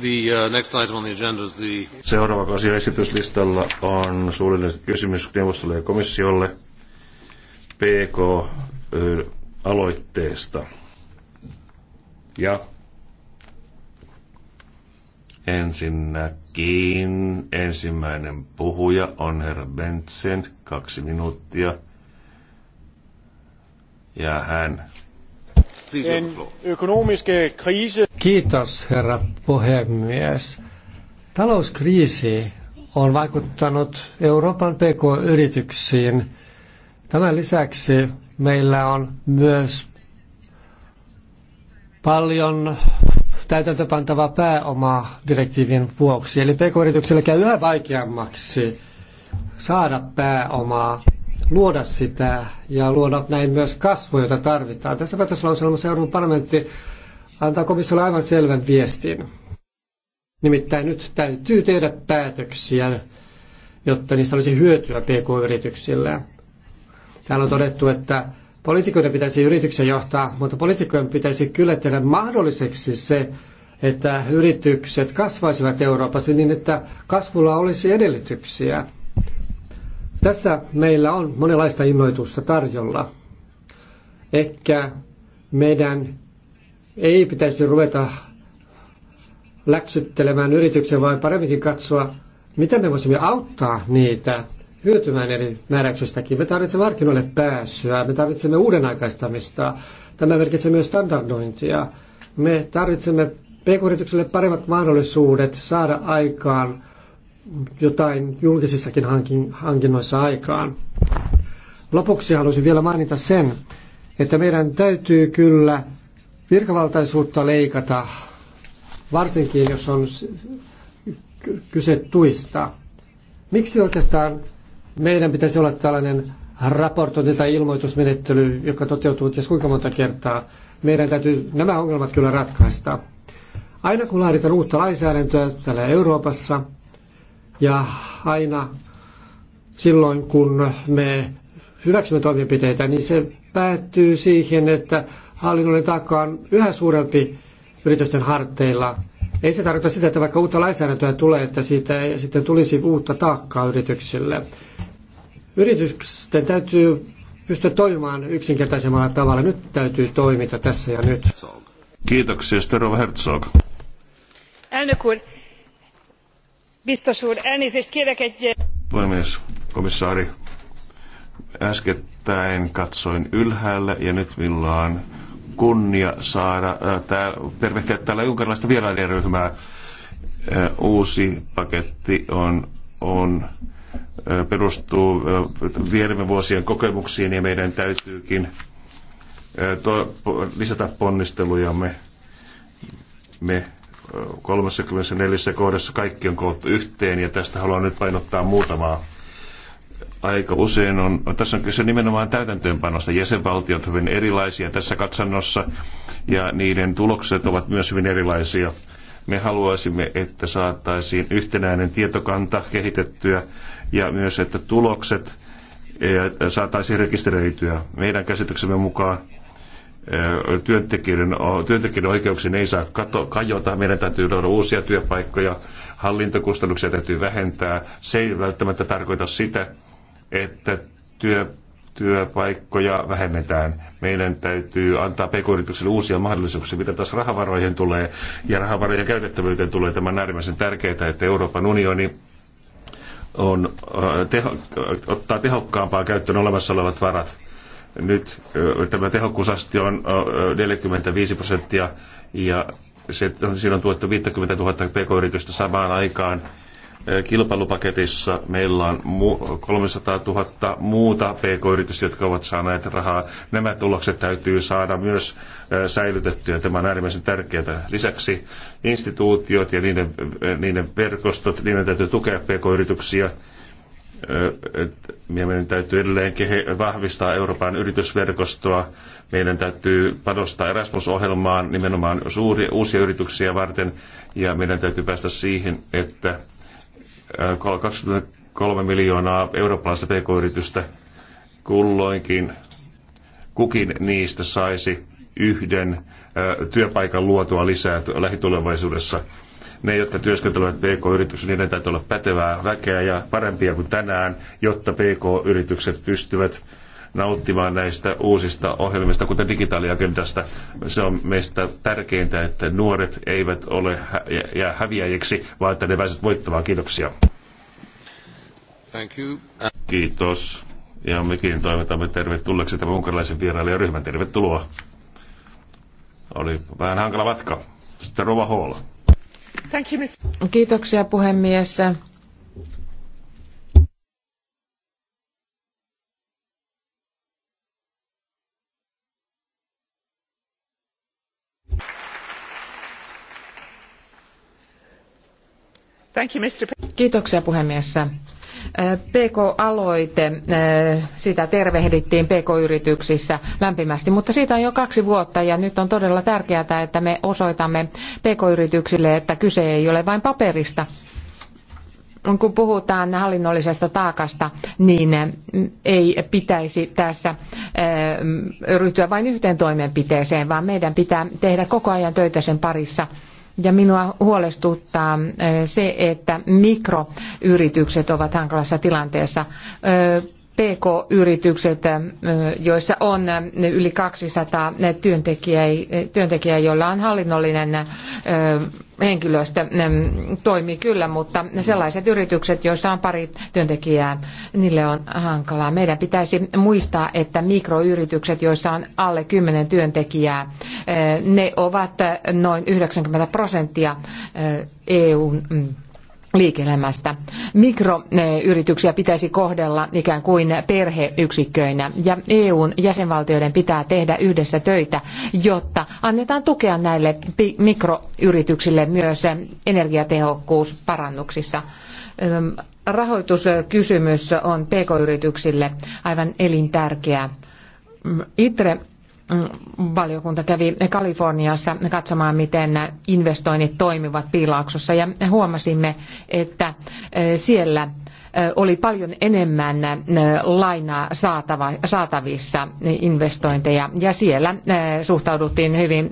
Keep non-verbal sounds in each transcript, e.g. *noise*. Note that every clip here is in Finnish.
The uh, next item on the agenda is the... Seuraava asia esityslistalla on suullinen kysymys neuvostolle ja komissiolle PK-aloitteesta. Ja ensinnäkin ensimmäinen puhuja on herra Bentsen, kaksi minuuttia. Ja hän Kiitos, herra puhemies. Talouskriisi on vaikuttanut Euroopan PK-yrityksiin. Tämän lisäksi meillä on myös paljon täytäntöpantavaa pääomaa direktiivin vuoksi. Eli PK-yrityksille käy yhä vaikeammaksi saada pääomaa luoda sitä ja luoda näin myös kasvua, jota tarvitaan. Tässä päätöslauselmassa Euroopan parlamentti antaa komissiolle aivan selvän viestin. Nimittäin nyt täytyy tehdä päätöksiä, jotta niistä olisi hyötyä PK-yrityksille. Täällä on todettu, että poliitikoiden pitäisi yrityksiä johtaa, mutta poliitikojen pitäisi kyllä tehdä mahdolliseksi se, että yritykset kasvaisivat Euroopassa niin, että kasvulla olisi edellytyksiä. Tässä meillä on monenlaista innoitusta tarjolla. Ehkä meidän ei pitäisi ruveta läksyttelemään yrityksen, vaan paremminkin katsoa, mitä me voisimme auttaa niitä hyötymään eri määräyksistäkin. Me tarvitsemme markkinoille pääsyä, me tarvitsemme uuden aikaistamista. Tämä merkitsee myös standardointia. Me tarvitsemme pk-yritykselle paremmat mahdollisuudet saada aikaan jotain julkisissakin hankinnoissa aikaan. Lopuksi haluaisin vielä mainita sen, että meidän täytyy kyllä virkavaltaisuutta leikata, varsinkin jos on kyse tuista. Miksi oikeastaan meidän pitäisi olla tällainen raportointi tai ilmoitusmenettely, joka toteutuu ties kuinka monta kertaa? Meidän täytyy nämä ongelmat kyllä ratkaista. Aina kun laaditaan uutta lainsäädäntöä täällä Euroopassa – ja aina silloin, kun me hyväksymme toimenpiteitä, niin se päättyy siihen, että hallinnollinen taakka on yhä suurempi yritysten harteilla. Ei se tarkoita sitä, että vaikka uutta lainsäädäntöä tulee, että siitä ei sitten tulisi uutta taakkaa yrityksille. Yritysten täytyy pystyä toimimaan yksinkertaisemmalla tavalla. Nyt täytyy toimita tässä ja nyt. Kiitoksia, Stero Herzog. Elnök úr, Biztos úr, elnézést eh, Puhemies, komissaari, äskettäin katsoin ylhäälle ja nyt minulla on kunnia saada äh, tervehtiä täällä unkarilaista vierailijaryhmää. Äh, uusi paketti on, on perustuu viime vuosien kokemuksiin ja meidän täytyykin lisätä ponnistelujamme. Me 34 kohdassa kaikki on koottu yhteen ja tästä haluan nyt painottaa muutamaa. Aika usein on, tässä on kyse nimenomaan täytäntöönpanosta. Jäsenvaltiot hyvin erilaisia tässä katsannossa ja niiden tulokset ovat myös hyvin erilaisia. Me haluaisimme, että saattaisiin yhtenäinen tietokanta kehitettyä ja myös, että tulokset saataisiin rekisteröityä. Meidän käsityksemme mukaan työntekijöiden, työntekijöiden oikeuksiin ei saa kato, kajota. Meidän täytyy luoda uusia työpaikkoja, hallintokustannuksia täytyy vähentää. Se ei välttämättä tarkoita sitä, että työ, työpaikkoja vähennetään. Meidän täytyy antaa pk uusia mahdollisuuksia, mitä taas rahavaroihin tulee ja rahavarojen käytettävyyteen tulee. Tämä on äärimmäisen tärkeää, että Euroopan unioni on, teho, ottaa tehokkaampaa käyttöön olemassa olevat varat nyt tämä tehokkuusaste on 45 prosenttia ja se, siinä on tuettu 50 000 pk-yritystä samaan aikaan. Kilpailupaketissa meillä on 300 000 muuta pk-yritystä, jotka ovat saaneet rahaa. Nämä tulokset täytyy saada myös säilytettyä. Tämä on äärimmäisen tärkeää. Lisäksi instituutiot ja niiden, niiden verkostot, niiden täytyy tukea pk-yrityksiä meidän täytyy edelleen vahvistaa Euroopan yritysverkostoa. Meidän täytyy panostaa Erasmus-ohjelmaan nimenomaan suuri, uusia yrityksiä varten. Ja meidän täytyy päästä siihen, että 23 miljoonaa eurooppalaista pk-yritystä kulloinkin kukin niistä saisi yhden työpaikan luotua lisää lähitulevaisuudessa ne, jotka työskentelevät PK-yrityksissä, niin niiden täytyy olla pätevää väkeä ja parempia kuin tänään, jotta PK-yritykset pystyvät nauttimaan näistä uusista ohjelmista, kuten digitaaliagendasta. Se on meistä tärkeintä, että nuoret eivät ole hä- jää häviäjiksi, vaan että ne pääsevät voittamaan. Kiitoksia. Thank you. Kiitos. Ja mekin toivotamme tervetulleeksi tämän unkarilaisen vierailijaryhmän. Tervetuloa. Oli vähän hankala matka. Sitten Rova Hall. Kiitoksia puhemies. Kiitoksia puhemies. PK-aloite, eh, sitä tervehdittiin PK-yrityksissä lämpimästi, mutta siitä on jo kaksi vuotta ja nyt on todella tärkeää, että me osoitamme PK-yrityksille, että kyse ei ole vain paperista, kun puhutaan hallinnollisesta taakasta, niin eh, ei pitäisi tässä eh, ryhtyä vain yhteen toimenpiteeseen, vaan meidän pitää tehdä koko ajan töitä sen parissa ja minua huolestuttaa eh, se, että mikroyritykset ovat hankalassa tilanteessa. Eh, PK-yritykset, äh, joissa on äh, yli 200 työntekijää, työntekijää joilla on hallinnollinen äh, henkilöstö, mm, toimii kyllä, mutta sellaiset yritykset, joissa on pari työntekijää, niille on hankalaa. Meidän pitäisi muistaa, että mikroyritykset, joissa on alle 10 työntekijää, ne ovat noin 90 prosenttia EUn mm, liike-elämästä. Mikroyrityksiä pitäisi kohdella ikään kuin perheyksikköinä ja EUn jäsenvaltioiden pitää tehdä yhdessä töitä, jotta annetaan tukea näille mikroyrityksille myös energiatehokkuusparannuksissa. Rahoituskysymys on pk-yrityksille aivan elintärkeä. ITRE Mm, valiokunta kävi Kaliforniassa katsomaan, miten investoinnit toimivat piilaaksossa ja huomasimme, että e, siellä e, oli paljon enemmän e, lainaa saatavissa investointeja ja siellä suhtauduttiin hyvin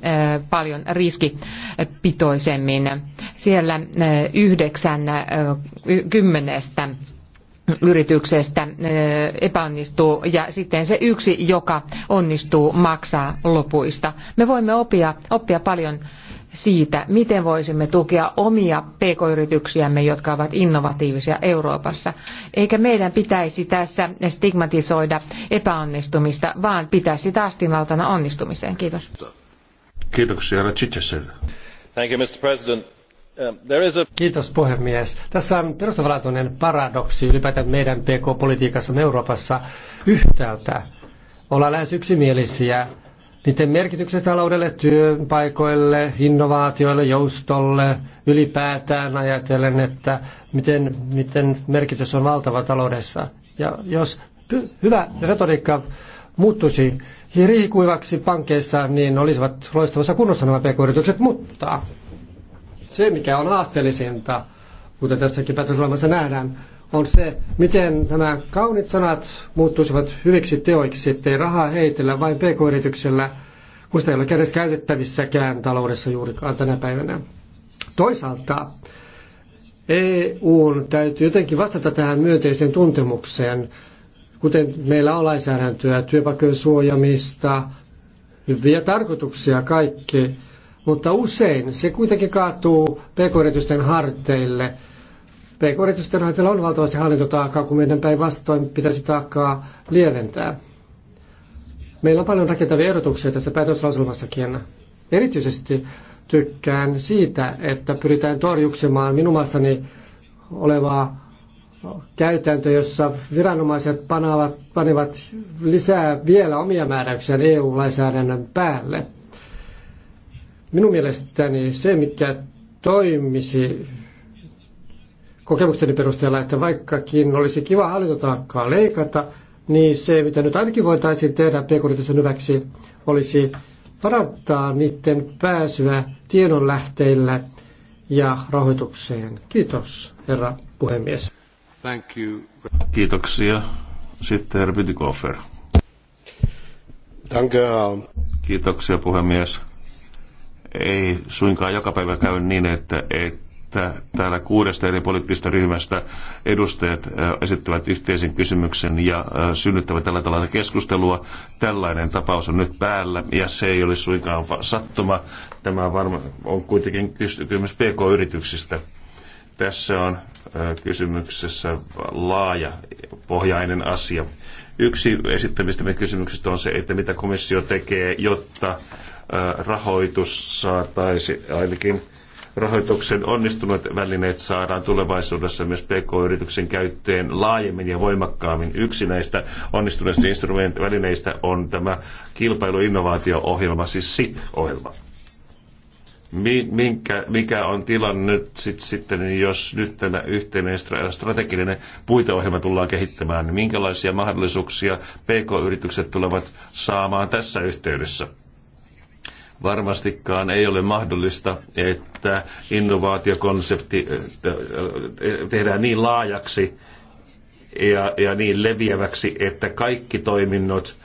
paljon riskipitoisemmin. Siellä yhdeksän kymmenestä yrityksestä epäonnistuu ja sitten se yksi, joka onnistuu, maksaa lopuista. Me voimme oppia, oppia paljon siitä, miten voisimme tukea omia pk-yrityksiämme, jotka ovat innovatiivisia Euroopassa. Eikä meidän pitäisi tässä stigmatisoida epäonnistumista, vaan pitää sitä astinautana onnistumiseen. Kiitos. Kiitoksia, herra Thank you, Mr. President. Um, Kiitos puhemies. Tässä on perustavanlaatuinen paradoksi ylipäätään meidän PK-politiikassamme Euroopassa yhtäältä. Ollaan lähes yksimielisiä niiden merkityksestä taloudelle, työpaikoille, innovaatioille, joustolle, ylipäätään ajatellen, että miten, miten merkitys on valtava taloudessa. Ja jos hyvä retoriikka muuttuisi riihikuivaksi pankeissa, niin olisivat loistavassa kunnossa nämä pk-yritykset, mutta se, mikä on haasteellisinta, kuten tässäkin päätösolemassa nähdään, on se, miten nämä kaunit sanat muuttuisivat hyviksi teoiksi, ettei rahaa heitellä vain pk-yrityksellä, kun sitä ei ole edes käytettävissäkään taloudessa juurikaan tänä päivänä. Toisaalta EUn täytyy jotenkin vastata tähän myönteiseen tuntemukseen, kuten meillä on lainsäädäntöä, työpaikkojen suojamista, hyviä tarkoituksia kaikki, mutta usein se kuitenkin kaatuu pk-yritysten harteille. PK-yritysten harteilla on valtavasti hallintotaakkaa, kun meidän päinvastoin pitäisi taakkaa lieventää. Meillä on paljon rakentavia ehdotuksia tässä päätöslauselmassakin. Erityisesti tykkään siitä, että pyritään torjuksemaan minun maassani olevaa käytäntöä, jossa viranomaiset panavat, panevat lisää vielä omia määräyksiä EU-lainsäädännön päälle – Minun mielestäni se, mikä toimisi kokemukseni perusteella, että vaikkakin olisi kiva hallintotaakkaa leikata, niin se, mitä nyt ainakin voitaisiin tehdä pk hyväksi, olisi parantaa niiden pääsyä tiedonlähteillä ja rahoitukseen. Kiitos, herra puhemies. Thank you. Kiitoksia. Sitten herra Kiitoksia, puhemies. Ei suinkaan joka päivä käy niin, että, että täällä kuudesta eri poliittista ryhmästä edustajat esittävät yhteisen kysymyksen ja synnyttävät tällä tavalla keskustelua. Tällainen tapaus on nyt päällä ja se ei ole suinkaan sattuma. Tämä varma, on kuitenkin kysymys PK-yrityksistä tässä on kysymyksessä laaja pohjainen asia. Yksi esittämistämme kysymyksistä on se, että mitä komissio tekee, jotta rahoitus saataisi ainakin rahoituksen onnistuneet välineet saadaan tulevaisuudessa myös PK-yrityksen käyttöön laajemmin ja voimakkaammin. Yksi näistä onnistuneista välineistä on tämä kilpailuinnovaatio-ohjelma, siis SIP-ohjelma minkä, mikä on tilanne nyt sit, sitten, niin jos nyt tämä yhteinen strateginen puiteohjelma tullaan kehittämään, niin minkälaisia mahdollisuuksia PK-yritykset tulevat saamaan tässä yhteydessä? Varmastikaan ei ole mahdollista, että innovaatiokonsepti tehdään niin laajaksi ja, ja niin leviäväksi, että kaikki toiminnot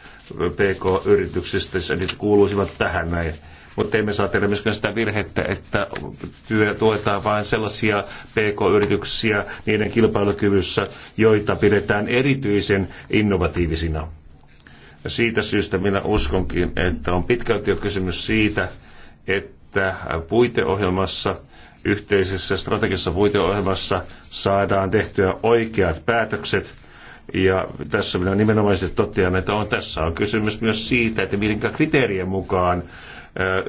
PK-yrityksistä kuuluisivat tähän näin mutta emme saa tehdä myöskään sitä virhettä, että työ, tuetaan vain sellaisia PK-yrityksiä niiden kilpailukyvyssä, joita pidetään erityisen innovatiivisina. Ja siitä syystä minä uskonkin, että on pitkälti jo kysymys siitä, että puiteohjelmassa yhteisessä strategisessa puiteohjelmassa saadaan tehtyä oikeat päätökset. Ja tässä minä nimenomaisesti totean, että on, tässä on kysymys myös siitä, että minkä kriteerien mukaan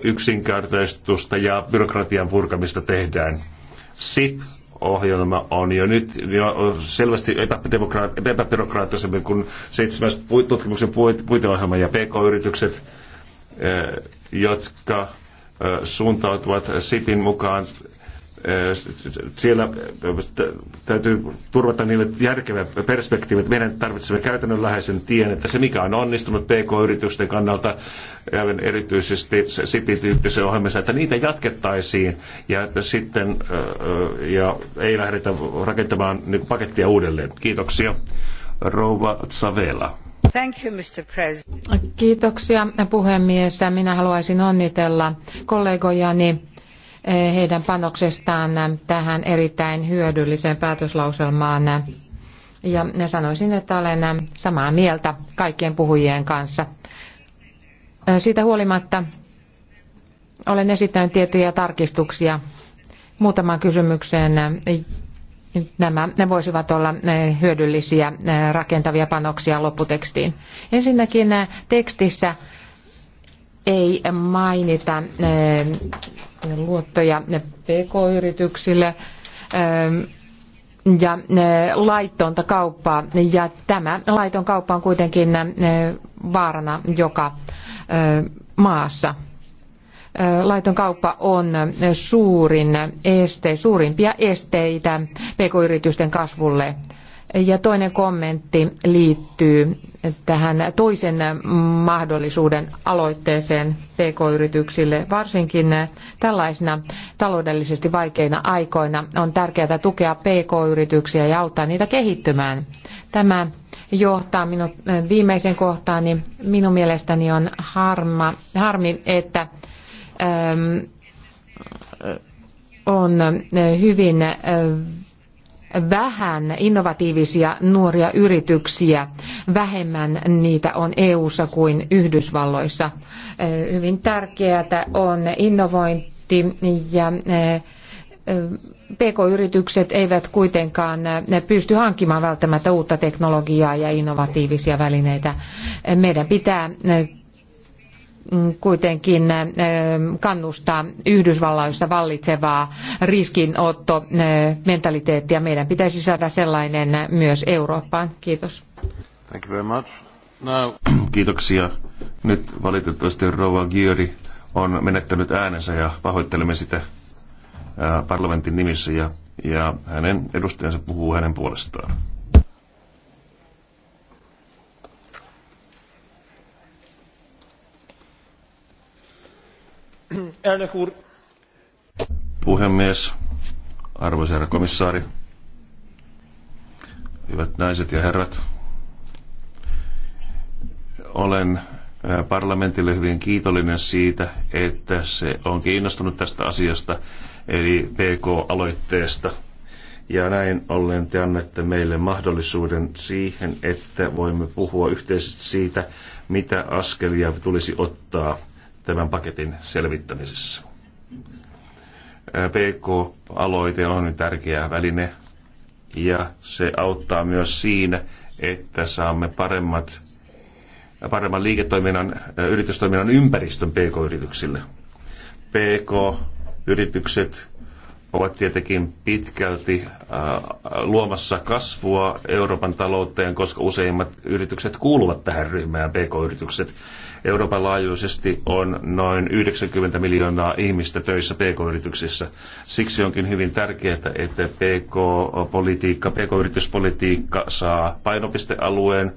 yksinkertaistusta ja byrokratian purkamista tehdään. SIP ohjelma on jo nyt jo selvästi epäbyrokraattisempi kuin seitsemäs tutkimuksen puiteohjelma ja PK-yritykset, jotka suuntautuvat SIPin mukaan siellä täytyy turvata niille järkevä perspektiivi, meidän tarvitsemme käytännönläheisen tien, että se mikä on onnistunut PK-yritysten kannalta, erityisesti Sipi-tyyppisen ohjelmassa, että niitä jatkettaisiin ja että sitten ja ei lähdetä rakentamaan niin pakettia uudelleen. Kiitoksia. Rouva Savela. Thank you, Mr. President. Kiitoksia puhemies. Minä haluaisin onnitella kollegojani Eh, heidän panoksestaan tähän erittäin hyödylliseen päätöslauselmaan. Ja sanoisin, että olen samaa mieltä kaikkien puhujien kanssa. Eh, siitä huolimatta olen esittänyt tiettyjä tarkistuksia muutamaan kysymykseen. Nämä ne voisivat olla eh, hyödyllisiä rakentavia panoksia lopputekstiin. Ensinnäkin tekstissä ei mainita äh, luottoja pk-yrityksille äh, ja äh, laitonta kauppaa. Ja tämä laiton kauppa on kuitenkin vaarana joka maassa. Laiton kauppa on suurin este, suurimpia esteitä pk-yritysten kasvulle ja toinen kommentti liittyy tähän toisen mahdollisuuden aloitteeseen PK-yrityksille. Varsinkin tällaisina taloudellisesti vaikeina aikoina on tärkeää tukea PK-yrityksiä ja auttaa niitä kehittymään. Tämä johtaa minut viimeisen kohtaan, niin minun mielestäni on harma, harmi, että ähm, on hyvin äh, vähän innovatiivisia nuoria yrityksiä, vähemmän niitä on EU:ssa kuin Yhdysvalloissa. Eh, hyvin tärkeää on innovointi ja eh, PK-yritykset eivät kuitenkaan eh, pysty hankkimaan välttämättä uutta teknologiaa ja innovatiivisia välineitä. Meidän pitää Mm, kuitenkin äh, kannustaa Yhdysvalloissa vallitsevaa riskinottomentaliteettia. Äh, Meidän pitäisi saada sellainen myös Eurooppaan. Kiitos. Thank you very much. No. Kiitoksia. Nyt valitettavasti Rova Giori on menettänyt äänensä ja pahoittelemme sitä äh, parlamentin nimissä ja, ja hänen edustajansa puhuu hänen puolestaan. Puhemies, arvoisa herra komissaari, hyvät naiset ja herrat, olen parlamentille hyvin kiitollinen siitä, että se on kiinnostunut tästä asiasta, eli PK-aloitteesta. Ja näin ollen te annatte meille mahdollisuuden siihen, että voimme puhua yhteisesti siitä, mitä askelia tulisi ottaa – tämän paketin selvittämisessä. PK-aloite on tärkeä väline ja se auttaa myös siinä, että saamme paremmat, paremman liiketoiminnan, yritystoiminnan ympäristön PK-yrityksille. PK-yritykset ovat tietenkin pitkälti äh, luomassa kasvua Euroopan talouteen, koska useimmat yritykset kuuluvat tähän ryhmään, pk-yritykset. Euroopan laajuisesti on noin 90 miljoonaa ihmistä töissä pk-yrityksissä. Siksi onkin hyvin tärkeää, että pk-politiikka, pk-yrityspolitiikka saa painopistealueen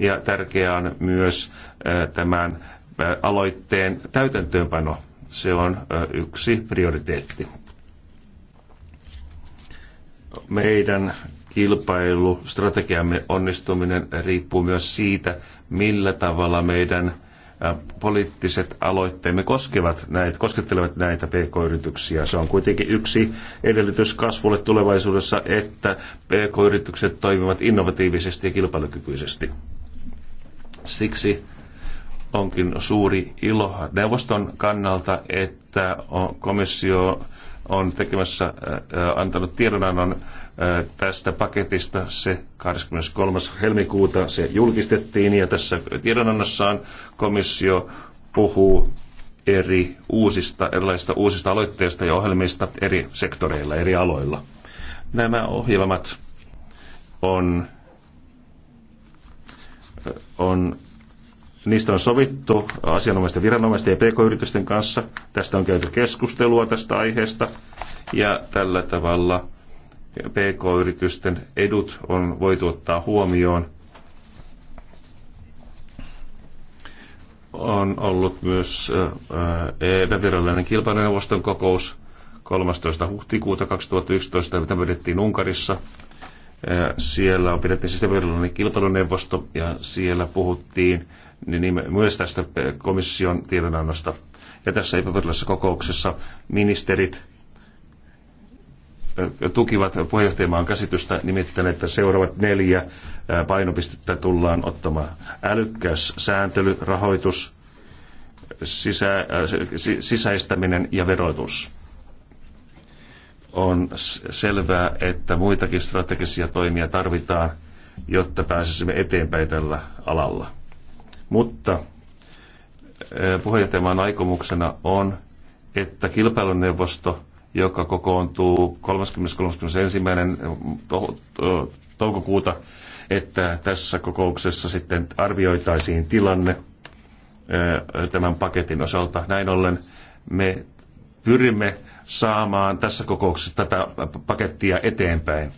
ja tärkeää on myös äh, tämän äh, aloitteen täytäntöönpano. Se on yksi prioriteetti meidän kilpailustrategiamme onnistuminen riippuu myös siitä, millä tavalla meidän poliittiset aloitteemme koskevat näitä, koskettelevat näitä pk-yrityksiä. Se on kuitenkin yksi edellytys kasvulle tulevaisuudessa, että pk-yritykset toimivat innovatiivisesti ja kilpailukykyisesti. Siksi Onkin suuri ilo neuvoston kannalta, että komissio on tekemässä, äh, äh, antanut tiedonannon äh, tästä paketista. Se 23. helmikuuta se julkistettiin ja tässä tiedonannossaan komissio puhuu eri uusista, erilaisista uusista aloitteista ja ohjelmista eri sektoreilla, eri aloilla. Nämä ohjelmat on, on Niistä on sovittu asianomaisten viranomaisten ja pk-yritysten kanssa. Tästä on käyty keskustelua tästä aiheesta ja tällä tavalla pk-yritysten edut on voitu ottaa huomioon. On ollut myös äh, äh, epävirallinen kilpailuneuvoston kokous 13. huhtikuuta 2011, mitä pidettiin Unkarissa. Äh, siellä on pidettiin siis virallinen kilpailuneuvosto ja siellä puhuttiin niin myös tästä komission tiedonannosta. Ja tässä epävirallisessa kokouksessa ministerit tukivat puheenjohtajamaan käsitystä, nimittäin että seuraavat neljä painopistettä tullaan ottamaan. Älykkäys, sääntely, rahoitus, sisä, sisäistäminen ja verotus. On selvää, että muitakin strategisia toimia tarvitaan, jotta pääsisimme eteenpäin tällä alalla. Mutta eh, puheenjohtajamaan aikomuksena on, että kilpailuneuvosto, joka kokoontuu 30.31. Eh, toukokuuta, että tässä kokouksessa sitten arvioitaisiin tilanne eh, tämän paketin osalta. Näin ollen me pyrimme saamaan tässä kokouksessa tätä pakettia eteenpäin.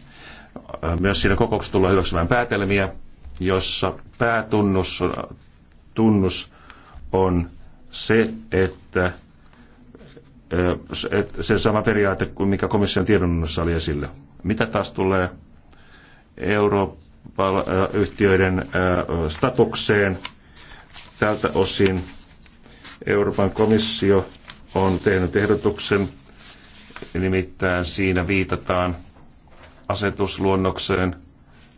Myös siinä kokouksessa tullaan hyväksymään päätelmiä, jossa päätunnus tunnus on se, että se sama periaate kuin mikä komission tiedonannossa oli esillä. Mitä taas tulee Euroopan yhtiöiden statukseen, tältä osin Euroopan komissio on tehnyt ehdotuksen, nimittäin siinä viitataan asetusluonnokseen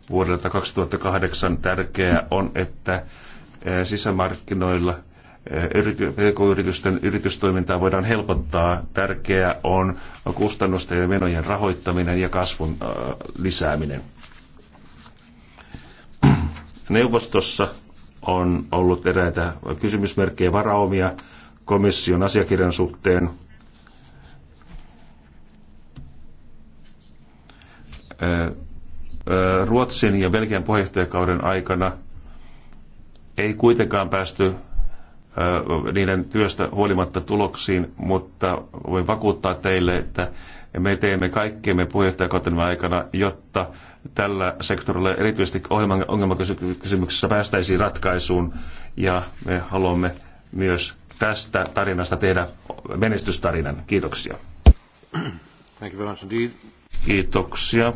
vuodelta 2008. Tärkeää on, että sisämarkkinoilla – PK-yritysten yritystoimintaa voidaan helpottaa. Tärkeää on kustannusten ja menojen rahoittaminen ja kasvun lisääminen. Neuvostossa on ollut eräitä kysymysmerkkejä varaomia komission asiakirjan suhteen. Ruotsin ja Belgian puheenjohtajakauden aikana – ei kuitenkaan päästy niiden työstä huolimatta tuloksiin, mutta voin vakuuttaa teille, että me teemme kaikkemme puheenjohtajakautemme aikana, jotta tällä sektorilla, erityisesti ohjelman ongelmakysymyksessä, päästäisiin ratkaisuun. Ja me haluamme myös tästä tarinasta tehdä menestystarinan. Kiitoksia. Thank you very much Kiitoksia.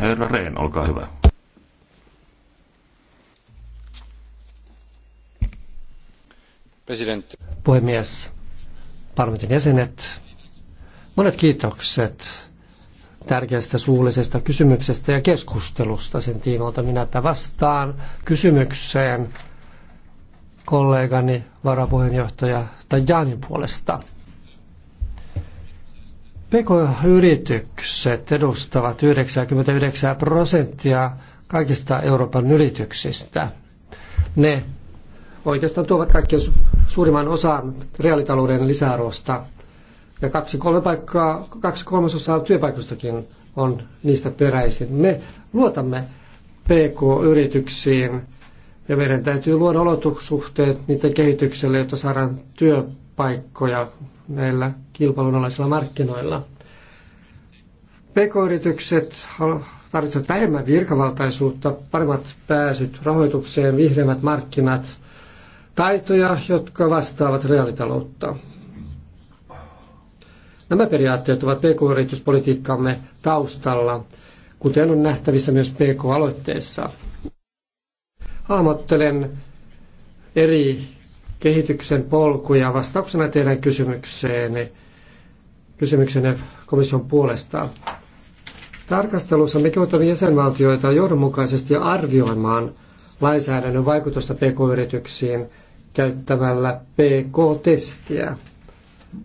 Herra Rehn, olkaa hyvä. Puhemies, parlamentin jäsenet, monet kiitokset tärkeästä suullisesta kysymyksestä ja keskustelusta sen tiimoilta. Minäpä vastaan kysymykseen kollegani varapuheenjohtaja Tajanin puolesta. PK-yritykset edustavat 99 prosenttia kaikista Euroopan yrityksistä. Ne oikeastaan tuovat su- suurimman osan reaalitalouden lisäarvosta. Ja kaksi, kolme paikkaa, kaksi kolmasosaa työpaikoistakin on niistä peräisin. Me luotamme PK-yrityksiin ja meidän täytyy luoda olotussuhteet niiden kehitykselle, jotta saadaan työpaikkoja näillä kilpailunalaisilla markkinoilla. PK-yritykset tarvitsevat vähemmän virkavaltaisuutta, paremmat pääsyt rahoitukseen, vihreämmät markkinat taitoja, jotka vastaavat reaalitaloutta. Nämä periaatteet ovat pk-yrityspolitiikkamme taustalla, kuten on nähtävissä myös pk-aloitteessa. Hahmottelen eri kehityksen polkuja vastauksena teidän kysymykseenne, kysymyksenne komission puolesta. Tarkastelussa me kehotamme jäsenvaltioita johdonmukaisesti arvioimaan lainsäädännön vaikutusta pk-yrityksiin – käyttämällä PK-testiä.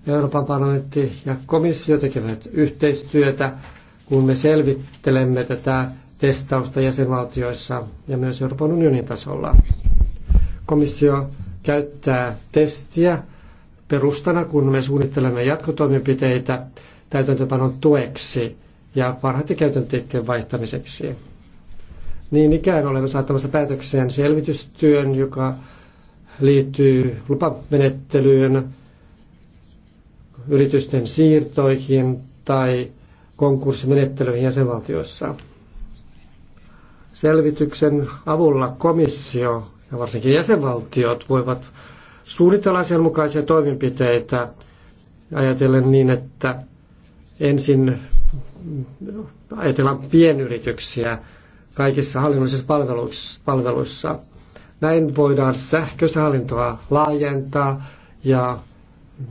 Euroopan parlamentti ja komissio tekevät yhteistyötä, kun me selvittelemme tätä testausta jäsenvaltioissa ja myös Euroopan unionin tasolla. Komissio käyttää testiä perustana, kun me suunnittelemme jatkotoimenpiteitä täytäntöpanon tueksi ja parhaiten käytänteiden vaihtamiseksi. Niin ikään olemme saattamassa päätökseen selvitystyön, joka liittyy lupamenettelyyn, yritysten siirtoihin tai konkurssimenettelyihin jäsenvaltioissa. Selvityksen avulla komissio ja varsinkin jäsenvaltiot voivat suunnitella asianmukaisia toimenpiteitä ajatellen niin, että ensin ajatellaan pienyrityksiä kaikissa hallinnollisissa palveluissa, palveluissa näin voidaan sähköistä hallintoa laajentaa ja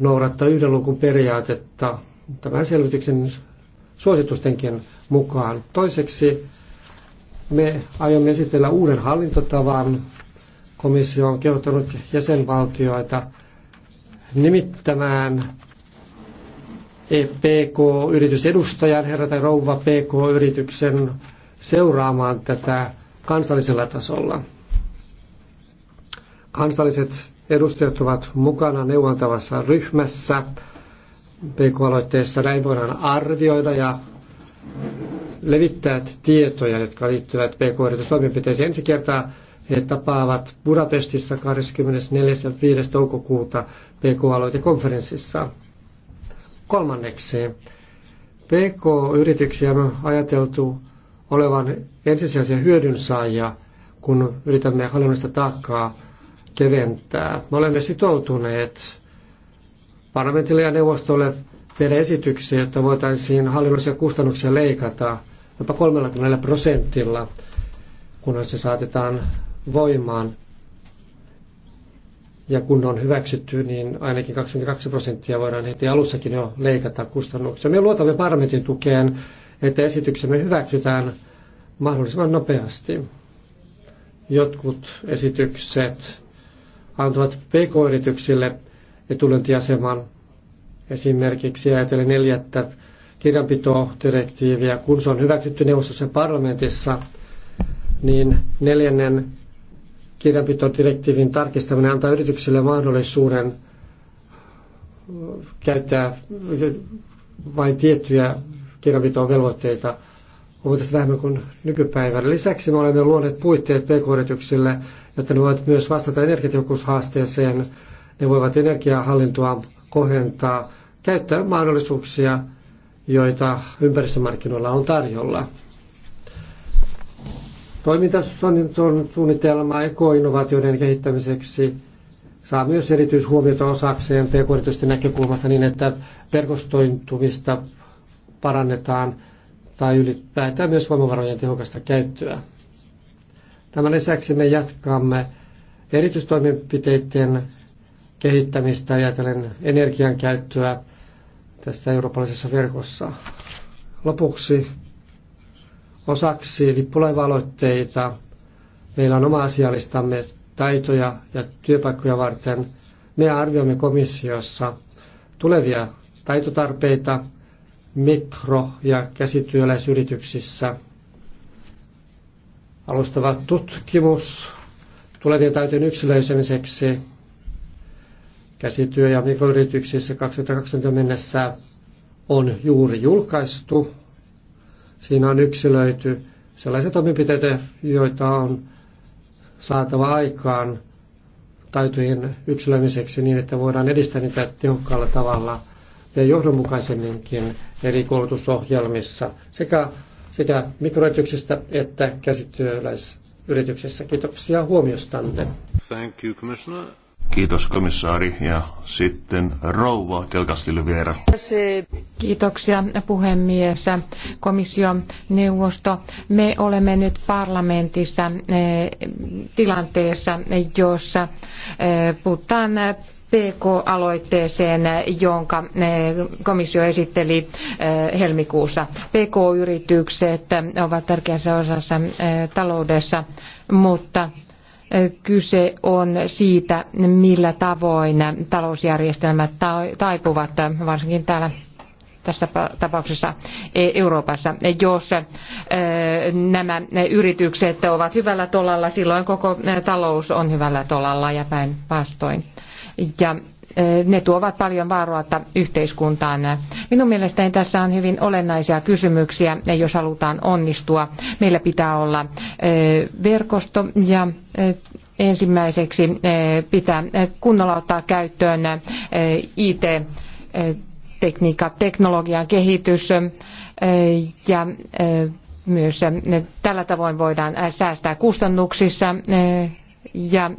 noudattaa yhden lukun periaatetta tämän selvityksen suositustenkin mukaan. Toiseksi me aiomme esitellä uuden hallintotavan. Komissio on kehottanut jäsenvaltioita nimittämään e PK-yritysedustajan, herra tai rouva PK-yrityksen seuraamaan tätä kansallisella tasolla. Kansalliset edustajat ovat mukana neuvontavassa ryhmässä PK-aloitteessa. Näin voidaan arvioida ja levittää tietoja, jotka liittyvät PK-yritystoimenpiteisiin. Ensi kertaa he tapaavat Budapestissa 24. ja 5. toukokuuta PK-aloitekonferenssissa. Kolmanneksi, PK-yrityksiä on ajateltu olevan ensisijaisia hyödynsaajia, kun yritämme hallinnollista taakkaa keventää. Me olemme sitoutuneet parlamentille ja neuvostolle tehdä esityksiä, että voitaisiin hallinnollisia kustannuksia leikata jopa 30 prosentilla, kun se saatetaan voimaan. Ja kun on hyväksytty, niin ainakin 22 prosenttia voidaan heti alussakin jo leikata kustannuksia. Me luotamme parlamentin tukeen, että esityksemme hyväksytään mahdollisimman nopeasti. Jotkut esitykset antavat pk-yrityksille etulyöntiaseman esimerkiksi ajatellen neljättä kirjanpitodirektiiviä, kun se on hyväksytty neuvostossa parlamentissa, niin neljännen kirjanpitodirektiivin tarkistaminen antaa yrityksille mahdollisuuden käyttää vain tiettyjä kirjanpitovelvoitteita huomattavasti vähemmän kuin nykypäivänä. Lisäksi me olemme luoneet puitteet pk-yrityksille jotta ne voivat myös vastata energiatehokkuushaasteeseen. Ne voivat energiahallintoa kohentaa, käyttää mahdollisuuksia, joita ympäristömarkkinoilla on tarjolla. suunnitelma ekoinnovaatioiden kehittämiseksi saa myös erityishuomiota osakseen pk näkökulmasta niin, että verkostointumista parannetaan tai ylipäätään myös voimavarojen tehokasta käyttöä. Tämän lisäksi me jatkamme erityistoimenpiteiden kehittämistä ajatellen energian käyttöä tässä eurooppalaisessa verkossa. Lopuksi osaksi lippulaiva-aloitteita meillä on oma asialistamme taitoja ja työpaikkoja varten. Me arvioimme komissiossa tulevia taitotarpeita mikro- ja käsityöläisyrityksissä – alustava tutkimus tulevien tautien yksilöisemiseksi käsityö- ja mikroyrityksissä 2020 mennessä on juuri julkaistu. Siinä on yksilöity sellaisia toimenpiteitä, joita on saatava aikaan taitojen yksilöimiseksi niin, että voidaan edistää niitä tehokkaalla tavalla ja johdonmukaisemminkin eri koulutusohjelmissa sekä sekä mikroyrityksistä että käsityöläisyrityksissä. Kiitoksia huomiostanne. Thank you, Commissioner. Kiitos komissaari ja sitten rouva vielä. Kiitoksia puhemies, komission neuvosto. Me olemme nyt parlamentissa eh, tilanteessa, jossa eh, puhutaan PK-aloitteeseen, jonka eh, komissio esitteli eh, helmikuussa. PK-yritykset ovat tärkeässä osassa eh, taloudessa, mutta kyse on siitä, millä tavoin talousjärjestelmät taipuvat, varsinkin täällä tässä tapauksessa e-, Euroopassa. Jos nämä yritykset ovat hyvällä tolalla, silloin koko talous on hyvällä tolalla ja päinvastoin ja e, ne tuovat paljon vaaroata yhteiskuntaan. Minun mielestäni tässä on hyvin olennaisia kysymyksiä, ja jos halutaan onnistua. Meillä pitää olla e, verkosto ja e, ensimmäiseksi pitää kunnolla ottaa käyttöön IT-tekniikka, teknologian kehitys ja myös tällä tavoin voidaan säästää kustannuksissa ja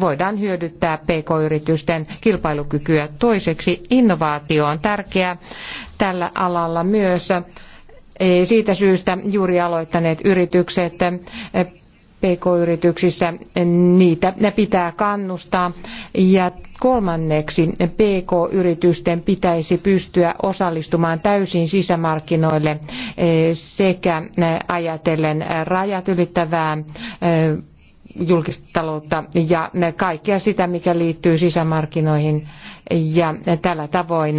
voidaan hyödyttää pk-yritysten kilpailukykyä. Toiseksi innovaatio on tärkeä tällä alalla myös. Siitä syystä juuri aloittaneet yritykset PK-yrityksissä, niitä ne pitää kannustaa. Ja kolmanneksi PK-yritysten pitäisi pystyä osallistumaan täysin sisämarkkinoille eh, sekä eh, ajatellen rajat ylittävää eh, julkistaloutta ja kaikkea sitä, mikä liittyy sisämarkkinoihin. Ja tällä tavoin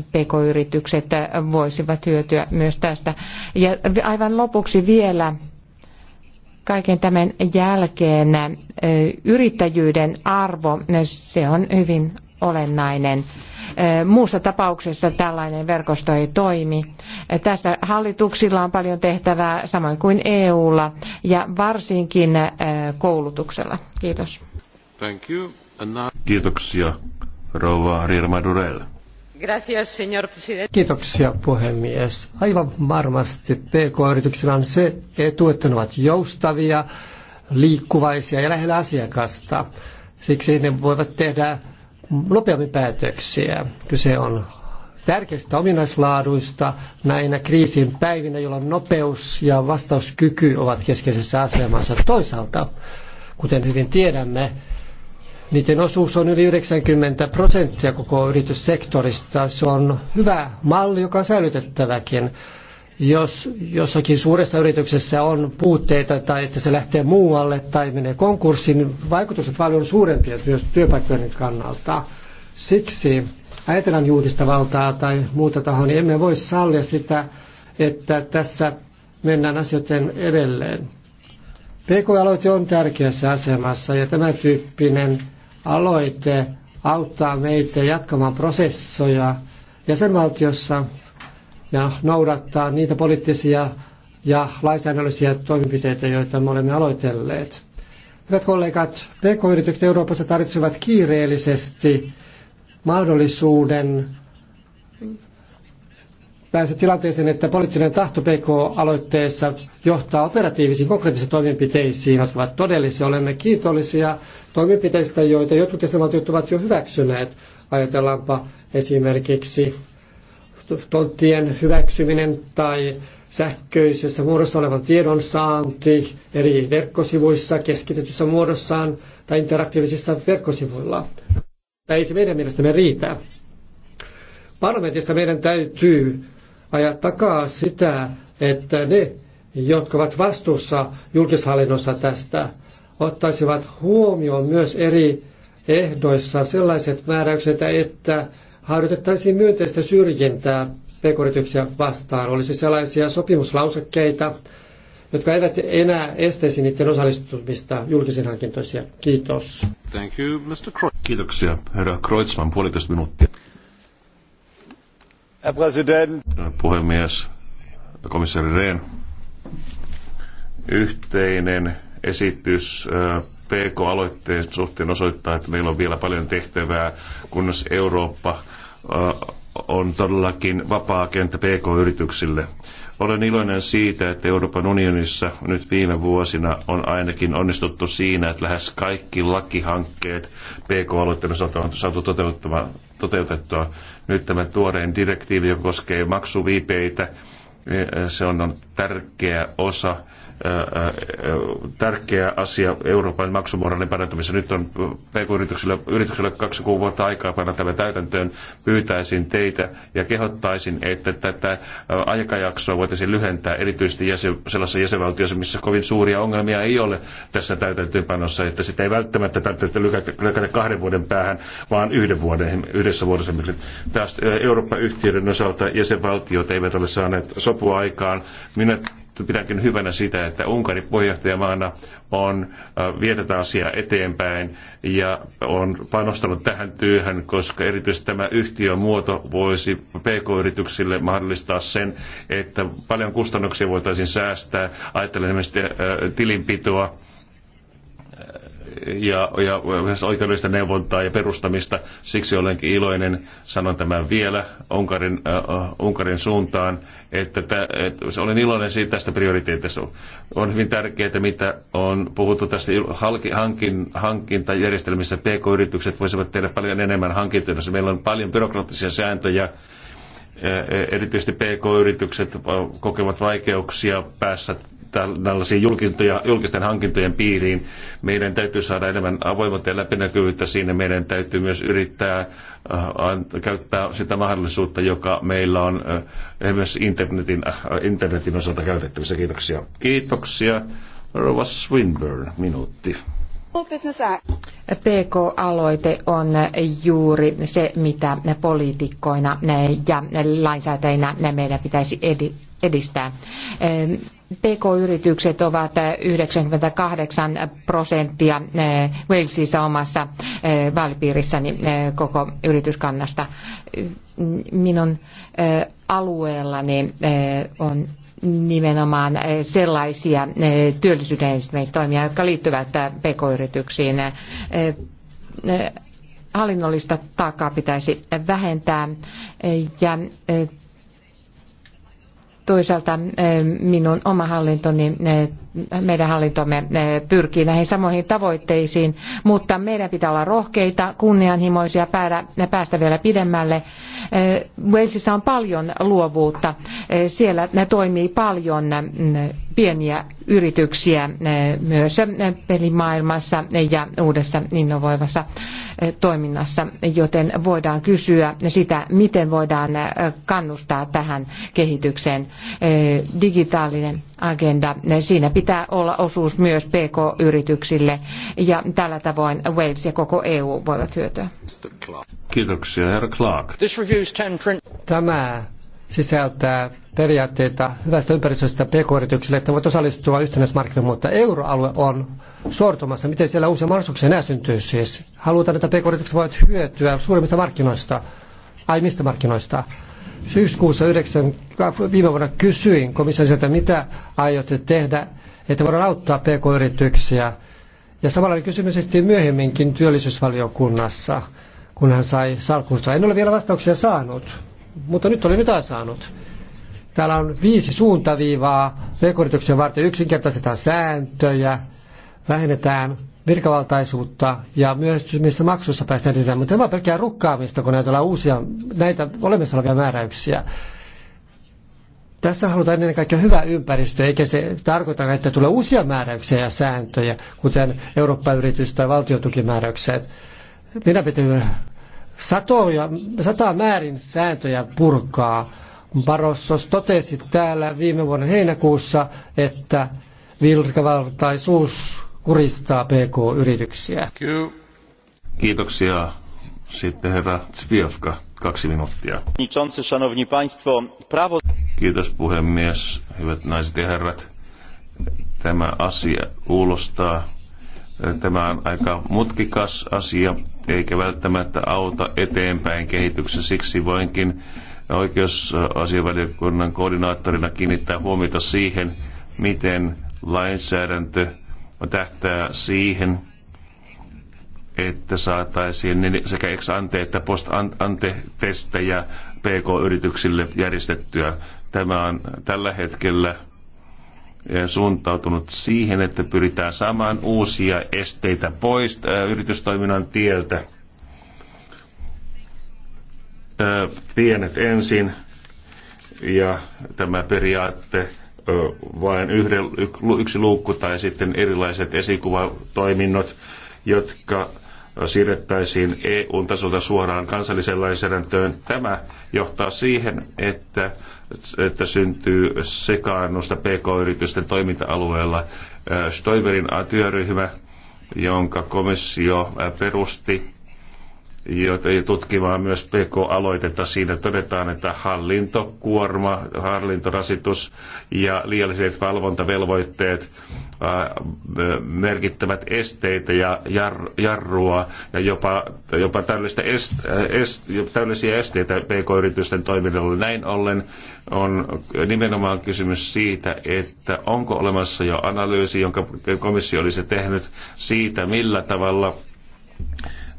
pk-yritykset voisivat hyötyä myös tästä. Ja aivan lopuksi vielä kaiken tämän jälkeen yrittäjyyden arvo, se on hyvin olennainen. Muussa tapauksessa tällainen verkosto ei toimi. Tässä hallituksilla on paljon tehtävää, samoin kuin EUlla ja varsinkin koulutuksella. Kiitos. Thank you. Kiitoksia, rouva Rirma Durell. Kiitoksia puhemies. Aivan varmasti PK-yrityksillä on se etu, että ne ovat joustavia, liikkuvaisia ja lähellä asiakasta. Siksi ne voivat tehdä nopeammin päätöksiä. Kyse on tärkeistä ominaislaaduista näinä kriisin päivinä, jolloin nopeus ja vastauskyky ovat keskeisessä asemassa. Toisaalta, kuten hyvin tiedämme, niiden osuus on yli 90 prosenttia koko yrityssektorista. Se on hyvä malli, joka on säilytettäväkin. Jos jossakin suuressa yrityksessä on puutteita tai että se lähtee muualle tai menee konkurssiin, niin vaikutukset paljon suurempia myös työpaikkojen kannalta. Siksi ajatellaan julkista valtaa tai muuta tahoa, niin emme voi sallia sitä, että tässä mennään asioiden edelleen. PK-aloite on tärkeässä asemassa ja tämä tyyppinen aloite auttaa meitä jatkamaan prosessoja jäsenvaltiossa ja noudattaa niitä poliittisia ja lainsäädännöllisiä toimenpiteitä, joita me olemme aloitelleet. Hyvät kollegat, PK-yritykset Euroopassa tarvitsevat kiireellisesti mahdollisuuden pääse tilanteeseen, että poliittinen tahto PK-aloitteessa johtaa operatiivisiin konkreettisiin toimenpiteisiin, jotka ovat todellisia. Olemme kiitollisia toimenpiteistä, joita jotkut jäsenvaltiot ovat jo hyväksyneet. Ajatellaanpa esimerkiksi tonttien hyväksyminen tai sähköisessä muodossa olevan tiedon saanti eri verkkosivuissa keskitetyssä muodossaan tai interaktiivisissa verkkosivuilla. Tämä ei se meidän mielestämme riitä parlamentissa meidän täytyy ajaa takaa sitä, että ne, jotka ovat vastuussa julkishallinnossa tästä, ottaisivat huomioon myös eri ehdoissa sellaiset määräykset, että harjoitettaisiin myönteistä syrjintää pk vastaan. Olisi sellaisia sopimuslausekkeita, jotka eivät enää estäisi niiden osallistumista julkisiin hankintoihin. Kiitos. Thank you, Mr. Kro- Kiitoksia, herra Kreutzmann, puolitoista minuuttia. Puhemies, komissaari Rehn. Yhteinen esitys PK-aloitteen suhteen osoittaa, että meillä on vielä paljon tehtävää, kunnes Eurooppa on todellakin vapaa kenttä PK-yrityksille. Olen iloinen siitä, että Euroopan unionissa nyt viime vuosina on ainakin onnistuttu siinä, että lähes kaikki lakihankkeet PK-aloitteiden osalta on saatu toteutettua. Nyt tämä tuoreen direktiivi, joka koskee maksuviipeitä, se on tärkeä osa tärkeä asia Euroopan maksumoraalin parantamisessa. Nyt on PK-yrityksille yrityksille kaksi kuukautta aikaa panna tämä täytäntöön. Pyytäisin teitä ja kehottaisin, että tätä aikajaksoa voitaisiin lyhentää erityisesti jäsen, sellaisessa jäsenvaltiossa, missä kovin suuria ongelmia ei ole tässä täytäntöönpanossa, että sitä ei välttämättä tarvitse lykätä, kahden vuoden päähän, vaan yhden vuoden, yhdessä vuodessa. Tästä Euroopan yhtiöiden osalta jäsenvaltiot eivät ole saaneet sopua aikaan. Minä pidänkin hyvänä sitä, että Unkari puheenjohtajamaana on vietetä asiaa eteenpäin ja on panostanut tähän työhön, koska erityisesti tämä yhtiömuoto voisi PK-yrityksille mahdollistaa sen, että paljon kustannuksia voitaisiin säästää. Ajattelen esimerkiksi tilinpitoa ja, ja myös oikeudellista neuvontaa ja perustamista. Siksi olenkin iloinen, sanon tämän vielä Unkarin, uh, Unkarin suuntaan, että, tä, että olen iloinen siitä tästä prioriteetista. On hyvin tärkeää, mitä on puhuttu tästä halki, hankin, hankintajärjestelmistä. PK-yritykset voisivat tehdä paljon enemmän hankintoja. Meillä on paljon byrokraattisia sääntöjä, äh, erityisesti PK-yritykset kokevat vaikeuksia päässä tällaisiin julkisten hankintojen piiriin. Meidän täytyy saada enemmän avoimuutta ja läpinäkyvyyttä siinä. Meidän täytyy myös yrittää äh, käyttää sitä mahdollisuutta, joka meillä on äh, myös internetin, äh, internetin osalta käytettävissä. Kiitoksia. Kiitoksia. Rova Swinburne, minuutti. PK-aloite on juuri se, mitä poliitikkoina ja lainsäätäjinä meidän pitäisi edistää. PK-yritykset ovat 98 eh, prosenttia eh, Walesissa omassa eh, vaalipiirissäni koko yrityskannasta. Minun alueellani on nimenomaan sellaisia työllisyyden edistämistoimia, jotka liittyvät PK-yrityksiin. Hallinnollista taakkaa pitäisi vähentää ja toisaalta eh, minun oma hallintoni eh, meidän hallintomme eh, pyrkii näihin samoihin tavoitteisiin, mutta meidän pitää olla rohkeita, kunnianhimoisia, päästä vielä pidemmälle. Eh, Walesissa on paljon luovuutta. Eh, siellä toimii paljon mm, pieniä yrityksiä myös pelimaailmassa ja uudessa innovoivassa toiminnassa, joten voidaan kysyä sitä, miten voidaan kannustaa tähän kehitykseen digitaalinen agenda. Siinä pitää olla osuus myös PK-yrityksille ja tällä tavoin Wales ja koko EU voivat hyötyä. Kiitoksia, herra Clark. Tämä sisältää periaatteita hyvästä ympäristöstä pk-yrityksille, että voivat osallistua yhtenäismarkkinoille, mutta euroalue on sortumassa. Miten siellä uusia mahdollisuuksia nämä syntyy siis? Halutaan, että pk-yritykset voivat hyötyä suurimmista markkinoista. Ai mistä markkinoista? syyskuussa 9, viime vuonna kysyin komissaariselta, mitä aiotte tehdä, että voidaan auttaa pk-yrityksiä. Ja samalla kysymys esitettiin myöhemminkin työllisyysvaliokunnassa, kun hän sai salkusta. En ole vielä vastauksia saanut, mutta nyt olen jotain saanut. Täällä on viisi suuntaviivaa pk-yrityksiä varten. Yksinkertaistetaan sääntöjä, vähennetään virkavaltaisuutta ja myös missä maksussa päästään eteenpäin, mutta tämä on pelkkää rukkaamista, kun näitä uusia, näitä olemassa olevia määräyksiä. Tässä halutaan ennen kaikkea hyvä ympäristö, eikä se tarkoita, että tulee uusia määräyksiä ja sääntöjä, kuten Eurooppa-yritys tai valtiotukimääräykset. Minä pitää satoja, sataa määrin sääntöjä purkaa. Barossos totesi täällä viime vuoden heinäkuussa, että virkavaltaisuus kuristaa PK-yrityksiä. Kiitoksia. Sitten herra Zviofka, kaksi minuuttia. Kiitos puhemies, hyvät naiset ja herrat. Tämä asia kuulostaa Tämä on aika mutkikas asia, eikä välttämättä auta eteenpäin kehityksessä. Siksi voinkin oikeusasiavaliokunnan koordinaattorina kiinnittää huomiota siihen, miten lainsäädäntö tähtää siihen, että saataisiin niin sekä ex-ante että post-ante-testejä PK-yrityksille järjestettyä. Tämä on tällä hetkellä eh, suuntautunut siihen, että pyritään saamaan uusia esteitä pois eh, yritystoiminnan tieltä. Eh, pienet ensin ja tämä periaatte vain yhden, yksi luukku tai sitten erilaiset esikuvatoiminnot, jotka siirrettäisiin EU-tasolta suoraan kansalliseen lainsäädäntöön. Tämä johtaa siihen, että, että syntyy sekaannusta PK-yritysten toiminta-alueella. Stoiberin työryhmä, jonka komissio perusti joita tutkimaan myös PK-aloitetta. Siinä todetaan, että hallintokuorma, hallintorasitus ja liialliset valvontavelvoitteet merkittävät esteitä ja jarrua ja jopa, jopa täydellistä est, est, täydellisiä esteitä PK-yritysten toiminnalle. Näin ollen on nimenomaan kysymys siitä, että onko olemassa jo analyysi, jonka komissio olisi tehnyt siitä, millä tavalla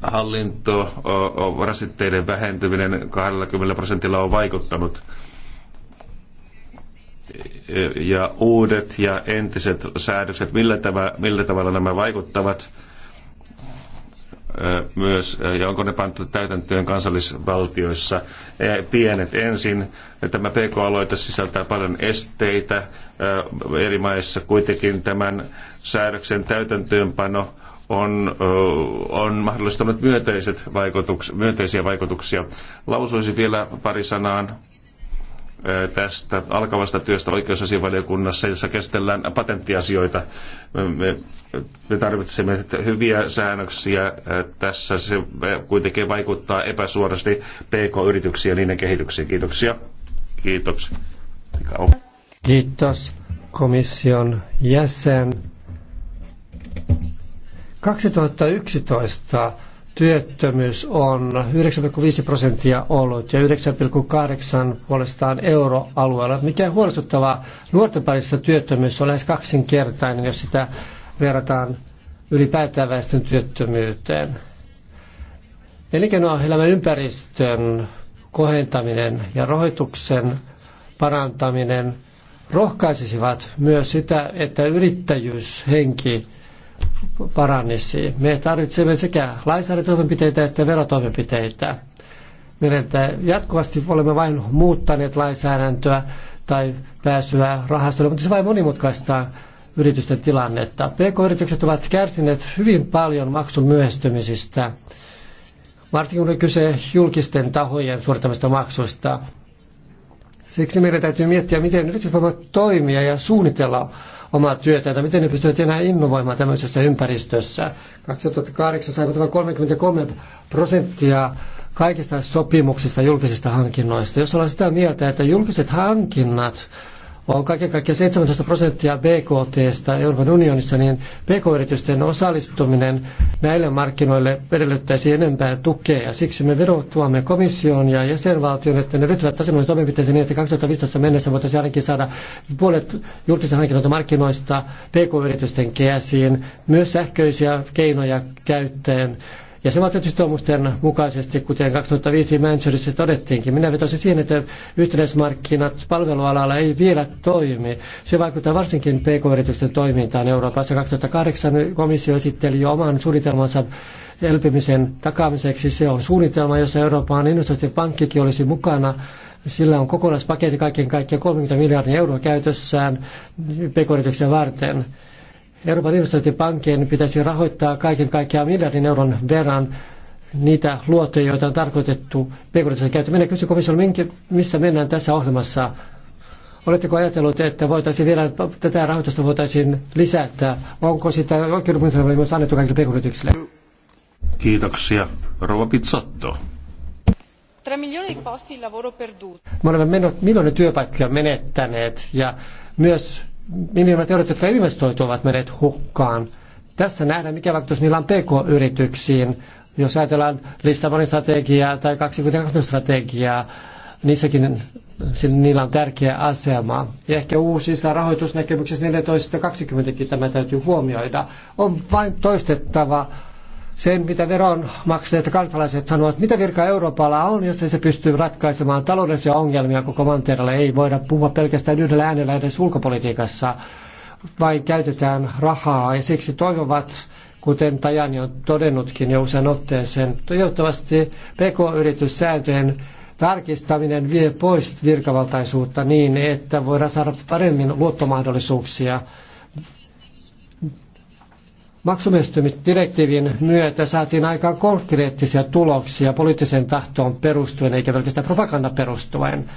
hallinto, rasitteiden vähentyminen 20 prosentilla on vaikuttanut. Ja uudet ja entiset säädökset, millä, tämä, millä tavalla nämä vaikuttavat myös, ja onko ne pantu täytäntöön kansallisvaltioissa. Pienet ensin. Tämä PK-aloite sisältää paljon esteitä eri maissa. Kuitenkin tämän säädöksen täytäntöönpano on, on mahdollistanut myönteiset vaikutuks, myönteisiä vaikutuksia. Lausuisin vielä pari sanaan tästä alkavasta työstä oikeusasiavaliokunnassa, jossa käsitellään patenttiasioita. Me, me tarvitsemme hyviä säännöksiä. Tässä se kuitenkin vaikuttaa epäsuorasti PK-yrityksiä ja niiden kehitykseen. Kiitoksia. Kiitoksia. Kiitos komission jäsen. 2011 työttömyys on 9,5 prosenttia ollut ja 9,8 puolestaan euroalueella. Mikä huolestuttavaa, nuorten parissa työttömyys on lähes kaksinkertainen, jos sitä verrataan ylipäätään väestön työttömyyteen. Elinkeinoelämän ympäristön kohentaminen ja rahoituksen parantaminen rohkaisisivat myös sitä, että yrittäjyyshenki parannisi. Me tarvitsemme sekä lainsäädäntötoimenpiteitä että verotoimenpiteitä. Me jatkuvasti olemme vain muuttaneet lainsäädäntöä tai pääsyä rahastolle, mutta se vain monimutkaistaa yritysten tilannetta. PK-yritykset ovat kärsineet hyvin paljon maksun myöhästymisistä, varsinkin kun on kyse julkisten tahojen suorittamista maksuista. Siksi meidän täytyy miettiä, miten yritys voi toimia ja suunnitella omaa työtään, miten ne pystyvät enää innovoimaan tämmöisessä ympäristössä. 2008 saivat vain 33 prosenttia kaikista sopimuksista julkisista hankinnoista. Jos ollaan sitä mieltä, että julkiset hankinnat on kaiken kaikkiaan 17 prosenttia BKTstä Euroopan unionissa, niin PK-yritysten osallistuminen näille markkinoille edellyttäisi enempää tukea. Ja siksi me vedotuamme komission ja jäsenvaltion, että ne ryhtyvät tasapuolisiin toimenpiteeseen niin, että 2015 mennessä voitaisiin ainakin saada puolet julkisen hankinnoita markkinoista PK-yritysten käsiin, myös sähköisiä keinoja käyttäen ja se sitoumusten mukaisesti, kuten 2005 Manchesterissa todettiinkin, minä vetosin siihen, että yhtenäismarkkinat palvelualalla ei vielä toimi. Se vaikuttaa varsinkin pk-yritysten toimintaan Euroopassa. 2008 komissio esitteli jo oman suunnitelmansa elpymisen takaamiseksi. Se on suunnitelma, jossa Euroopan investointipankkikin olisi mukana. Sillä on kokonaispaketti kaiken kaikkiaan 30 miljardia euroa käytössään pk-yrityksiä varten. Euroopan investointipankkien pitäisi rahoittaa kaiken kaikkiaan miljardin euron verran niitä luottoja, joita on tarkoitettu pk käyttöön. Minä kysyn komissiolle, missä mennään tässä ohjelmassa. Oletteko ajatellut, että voitaisiin vielä, tätä rahoitusta voitaisiin lisätä? Onko sitä oikeudenmukaisuudella myös annettu kaikille pk-yrityksille? Kiitoksia. Rova Pizzotto. Me olemme miljoonia työpaikkoja menettäneet ja myös miljoonat eurot, jotka investoituvat meret hukkaan. Tässä nähdään, mikä vaikutus niillä on PK-yrityksiin. Jos ajatellaan Lissabonin strategiaa tai 2020 strategiaa, niissäkin niillä on tärkeä asema. Ja ehkä uusissa rahoitusnäkemyksissä 14.20kin tämä täytyy huomioida. On vain toistettava sen, mitä veron maksaneet kansalaiset sanovat, mitä virka Euroopalla on, jos ei se pysty ratkaisemaan taloudellisia ongelmia koko mantereella. Ei voida puhua pelkästään yhdellä äänellä edes ulkopolitiikassa, vain käytetään rahaa ja siksi toivovat, kuten Tajani on todennutkin jo usein otteeseen, toivottavasti PK-yrityssääntöjen tarkistaminen vie pois virkavaltaisuutta niin, että voidaan saada paremmin luottomahdollisuuksia maksumestymisdirektiivin myötä saatiin aikaan konkreettisia tuloksia poliittiseen tahtoon perustuen, eikä pelkästään propaganda perustuen.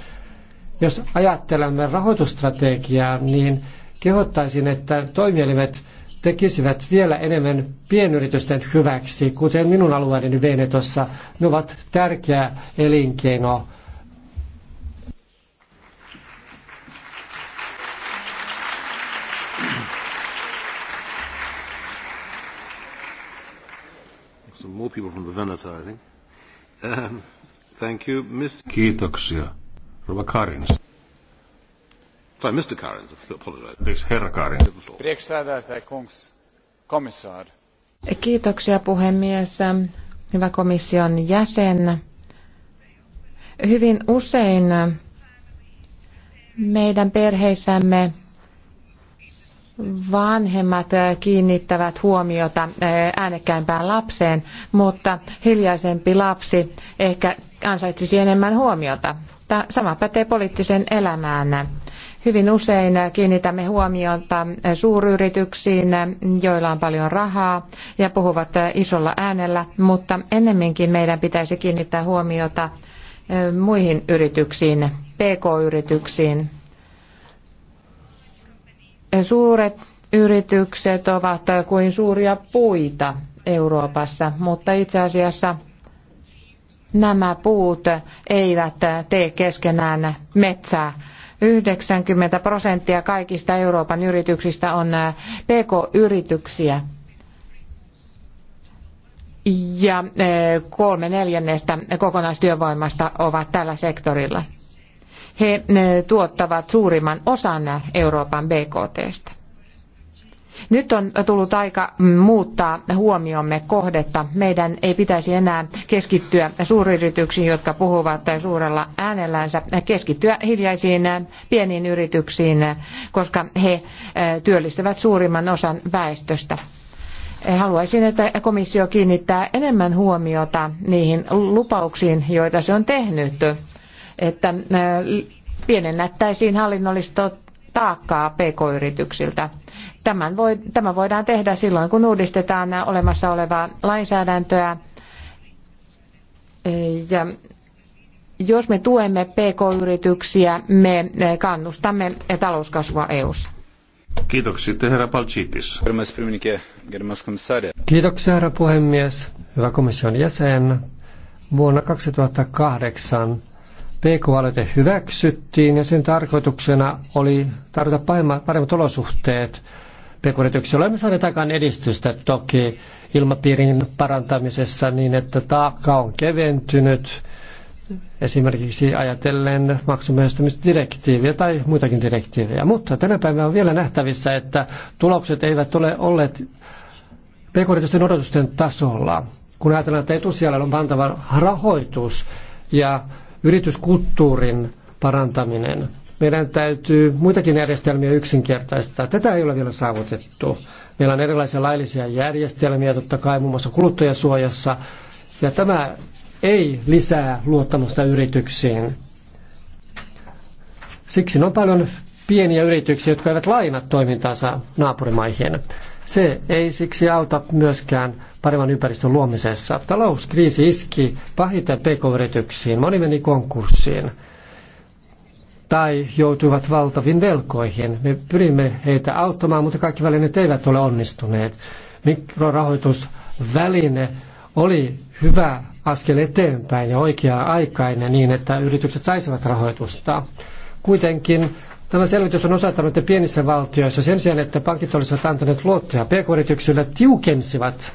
Jos ajattelemme rahoitusstrategiaa, niin kehottaisin, että toimielimet tekisivät vielä enemmän pienyritysten hyväksi, kuten minun alueeni Venetossa. Ne ovat tärkeä elinkeino more people from the I think. Um, thank you, Miss... Kiitoksia. Rova Karins. Sorry, Mr. Karins, I apologize. Anteeksi, herra Karins. Kiitoksia puhemies. Hyvä komission jäsen. Hyvin usein meidän perheissämme vanhemmat eh, kiinnittävät huomiota eh, äänekkäimpään lapseen, mutta hiljaisempi lapsi ehkä ansaitsisi enemmän huomiota. Sama pätee poliittisen elämään. Hyvin usein kiinnitämme huomiota eh, suuryrityksiin, joilla on paljon rahaa ja puhuvat isolla äänellä, mutta ennemminkin meidän pitäisi kiinnittää huomiota muihin yrityksiin, pk-yrityksiin, Suuret yritykset ovat kuin suuria puita Euroopassa, mutta itse asiassa nämä puut eivät tee keskenään metsää. 90 prosenttia kaikista Euroopan yrityksistä on PK-yrityksiä. Ja eh, kolme neljännestä kokonaistyövoimasta ovat tällä sektorilla. He tuottavat suurimman osan Euroopan BKTstä. Nyt on tullut aika muuttaa huomiomme kohdetta. Meidän ei pitäisi enää keskittyä suuryrityksiin, jotka puhuvat suurella äänellänsä, keskittyä hiljaisiin pieniin yrityksiin, koska he työllistävät suurimman osan väestöstä. Haluaisin, että komissio kiinnittää enemmän huomiota niihin lupauksiin, joita se on tehnyt että äh, pienennettäisiin hallinnollista taakkaa pk-yrityksiltä. Tämän voi, tämä voidaan tehdä silloin, kun uudistetaan olemassa olevaa lainsäädäntöä. Ja jos me tuemme pk-yrityksiä, me äh, kannustamme talouskasvua EU:ssa. Kiitoksia, herra Palcitis. Kiitoksia, herra puhemies. Hyvä komission jäsen. Vuonna 2008 PK-aloite hyväksyttiin ja sen tarkoituksena oli tarjota paremmat olosuhteet pk Olemme saaneet aikaan edistystä toki ilmapiirin parantamisessa niin, että taakka on keventynyt esimerkiksi ajatellen maksumyöstämisdirektiiviä tai muitakin direktiivejä. Mutta tänä päivänä on vielä nähtävissä, että tulokset eivät ole olleet pk odotusten tasolla. Kun ajatellaan, että etusijalla on pantava rahoitus ja yrityskulttuurin parantaminen. Meidän täytyy muitakin järjestelmiä yksinkertaistaa. Tätä ei ole vielä saavutettu. Meillä on erilaisia laillisia järjestelmiä, totta kai muun muassa kuluttajasuojassa, ja tämä ei lisää luottamusta yrityksiin. Siksi on paljon pieniä yrityksiä, jotka eivät laina toimintaansa naapurimaihin. Se ei siksi auta myöskään paremman ympäristön luomisessa. Talouskriisi iski pahiten pk-yrityksiin, moni meni konkurssiin tai joutuivat valtavin velkoihin. Me pyrimme heitä auttamaan, mutta kaikki välineet eivät ole onnistuneet. Mikrorahoitusväline oli hyvä askel eteenpäin ja oikea-aikainen niin, että yritykset saisivat rahoitusta. Kuitenkin Tämä selvitys on osoittanut, että pienissä valtioissa sen sijaan, että pankit olisivat antaneet luottoja pk-yrityksille, tiukensivat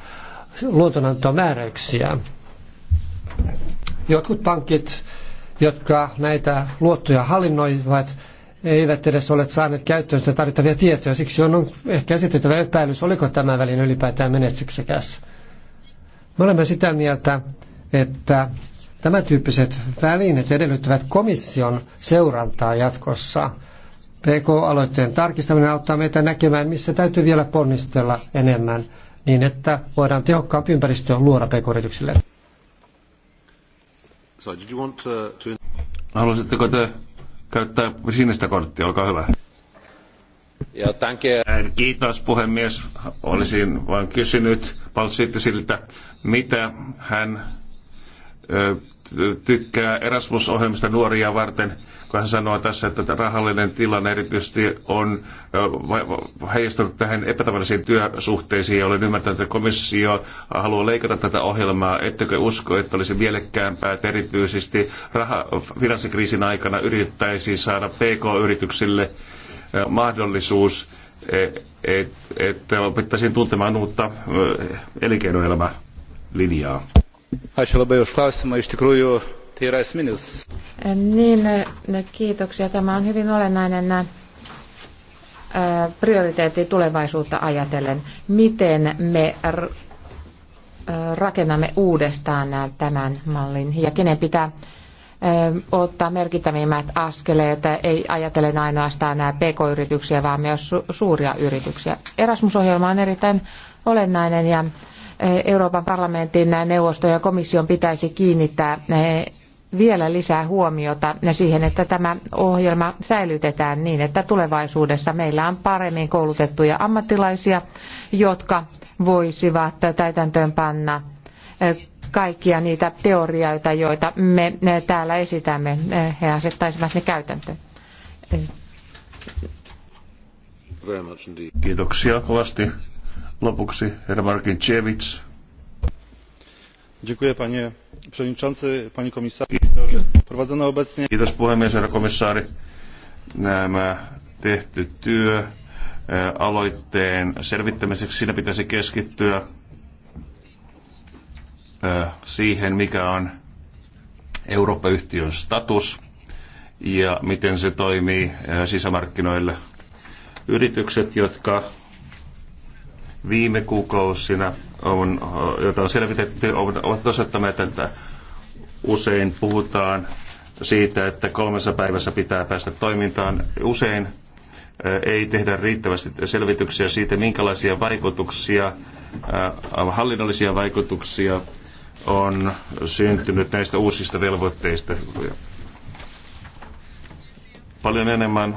luotonantomääräyksiä. Jotkut pankit, jotka näitä luottoja hallinnoivat, eivät edes ole saaneet käyttöön sitä tarvittavia tietoja. Siksi on ehkä esitettävä epäilys, oliko tämä väline ylipäätään menestyksekäs. Me olemme sitä mieltä, että tämä tyyppiset välineet edellyttävät komission seurantaa jatkossa. PK-aloitteen tarkistaminen auttaa meitä näkemään, missä täytyy vielä ponnistella enemmän, niin että voidaan tehokkaampi ympäristö luoda PK-yrityksille. So, did you want to, uh, to... Haluaisitteko te käyttää sinistä korttia? Olkaa hyvä. Ja äh, Kiitos puhemies. Olisin vain kysynyt Paltsiittisiltä, mitä hän tykkää Erasmus-ohjelmista nuoria varten, kun hän sanoo tässä, että rahallinen tilanne erityisesti on heijastunut tähän epätavallisiin työsuhteisiin, ja olen ymmärtänyt, että komissio haluaa leikata tätä ohjelmaa. Ettekö usko, että olisi mielekkäämpää, että erityisesti raha, finanssikriisin aikana yrittäisiin saada PK-yrityksille mahdollisuus, e, että opittaisiin tuntemaan uutta elinkeinoelämälinjaa. Ačiū labai už klausimą. Iš tikrųjų, tai yra esminis. Niin, kiitoksia. Tämä on hyvin olennainen äh, prioriteetti tulevaisuutta ajatellen. Miten me äh, rakennamme uudestaan tämän mallin ja kenen pitää äh, ottaa merkittävimmät askeleet, ei ajatellen ainoastaan nämä pk-yrityksiä, vaan myös suuria yrityksiä. Erasmus-ohjelma on erittäin olennainen ja Euroopan parlamentin, neuvoston ja komission pitäisi kiinnittää eh, vielä lisää huomiota siihen, että tämä ohjelma säilytetään niin, että tulevaisuudessa meillä on paremmin koulutettuja ammattilaisia, jotka voisivat täytäntöönpanna eh, kaikkia niitä teorioita, joita me eh, täällä esitämme. He asettaisivat ne käytäntöön. Kiitoksia kovasti. Lopuksi herra Markinkiewicz. Dziękuję panie przewodniczący, panie komisarzu. Prowadzone obecnie... Kiitos puhemies, herra komissaari. Nämä tehty työ e, aloitteen selvittämiseksi, siinä pitäisi keskittyä e, siihen, mikä on Eurooppa-yhtiön status ja miten se toimii e, sisämarkkinoille. Yritykset, jotka viime kuukausina, on, joita on selvitetty, ovat osoittaneet, että usein puhutaan siitä, että kolmessa päivässä pitää päästä toimintaan. Usein eh, ei tehdä riittävästi selvityksiä siitä, minkälaisia vaikutuksia, eh, hallinnollisia vaikutuksia on syntynyt näistä uusista velvoitteista. Paljon enemmän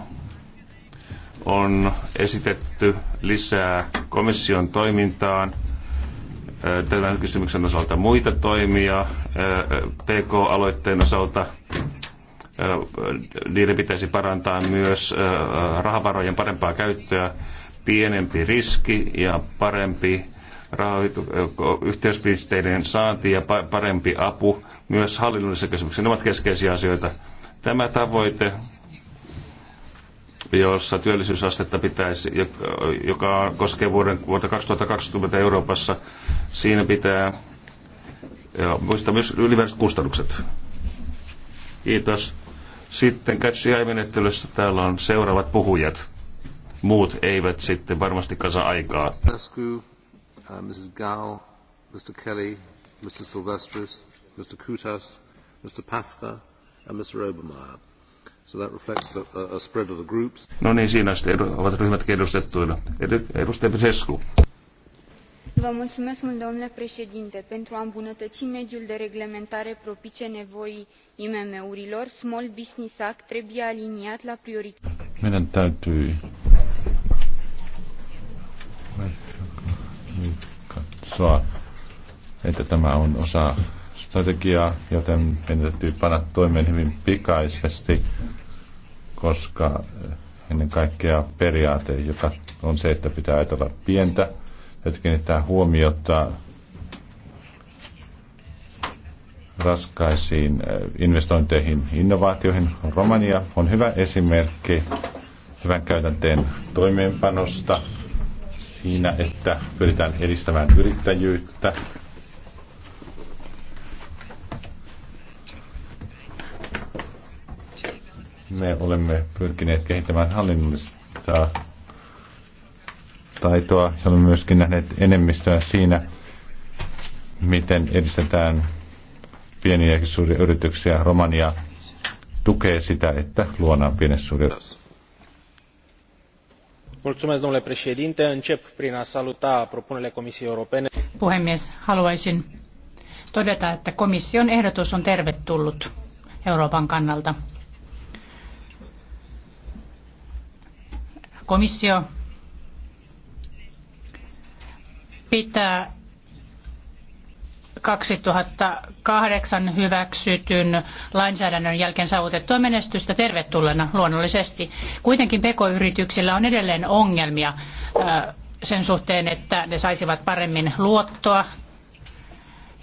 on esitetty lisää komission toimintaan tämän kysymyksen osalta muita toimia PK-aloitteen osalta. Niiden pitäisi parantaa myös rahavarojen parempaa käyttöä, pienempi riski ja parempi yhteyspisteiden saanti ja parempi apu myös hallinnollisissa kysymyksissä. Ne ovat keskeisiä asioita. Tämä tavoite jossa työllisyysastetta pitäisi, joka koskee vuoden, vuotta 2020 Euroopassa. Siinä pitää muistaa myös ylimääräiset kustannukset. Kiitos. Sitten catch menettelyssä täällä on seuraavat puhujat. Muut eivät sitten varmasti kasa aikaa. uh, Mrs. Gao, Mr. Kelly, Mr. Silvestris, Mr. Kutas, Mr. Pasca and Mr. Obermeyer. So that reflects the, uh, spread of the groups. No niin, siinä sitten ovat ryhmätkin edustettuina. Edustaja Pesescu. Vă mulțumesc mult, domnule președinte. Pentru a îmbunătăți mediul de reglementare propice nevoii IMM-urilor, Small Business Act trebuie aliniat la priorități. Meidän täytyy katsoa, että tämä on osa strategiaa, joten meidän täytyy panna toimeen hyvin pikaisesti koska ennen kaikkea periaate, joka on se, että pitää ajatella pientä, että kiinnittää huomiota raskaisiin eh, investointeihin, innovaatioihin. Romania on hyvä esimerkki hyvän käytänteen toimeenpanosta siinä, että pyritään edistämään yrittäjyyttä, me olemme pyrkineet kehittämään hallinnollista taitoa ja olemme myöskin nähneet enemmistöä siinä, miten edistetään pieniä ja suuria yrityksiä. Romania tukee sitä, että luodaan pienessä suuria încep prin a saluta propunerile Comisiei Europene. Puhemies, haluaisin todeta, että komission ehdotus on tervetullut Euroopan kannalta. Komissio pitää 2008 hyväksytyn lainsäädännön jälkeen saavutettua menestystä tervetulleena luonnollisesti. Kuitenkin pk-yrityksillä on edelleen ongelmia sen suhteen, että ne saisivat paremmin luottoa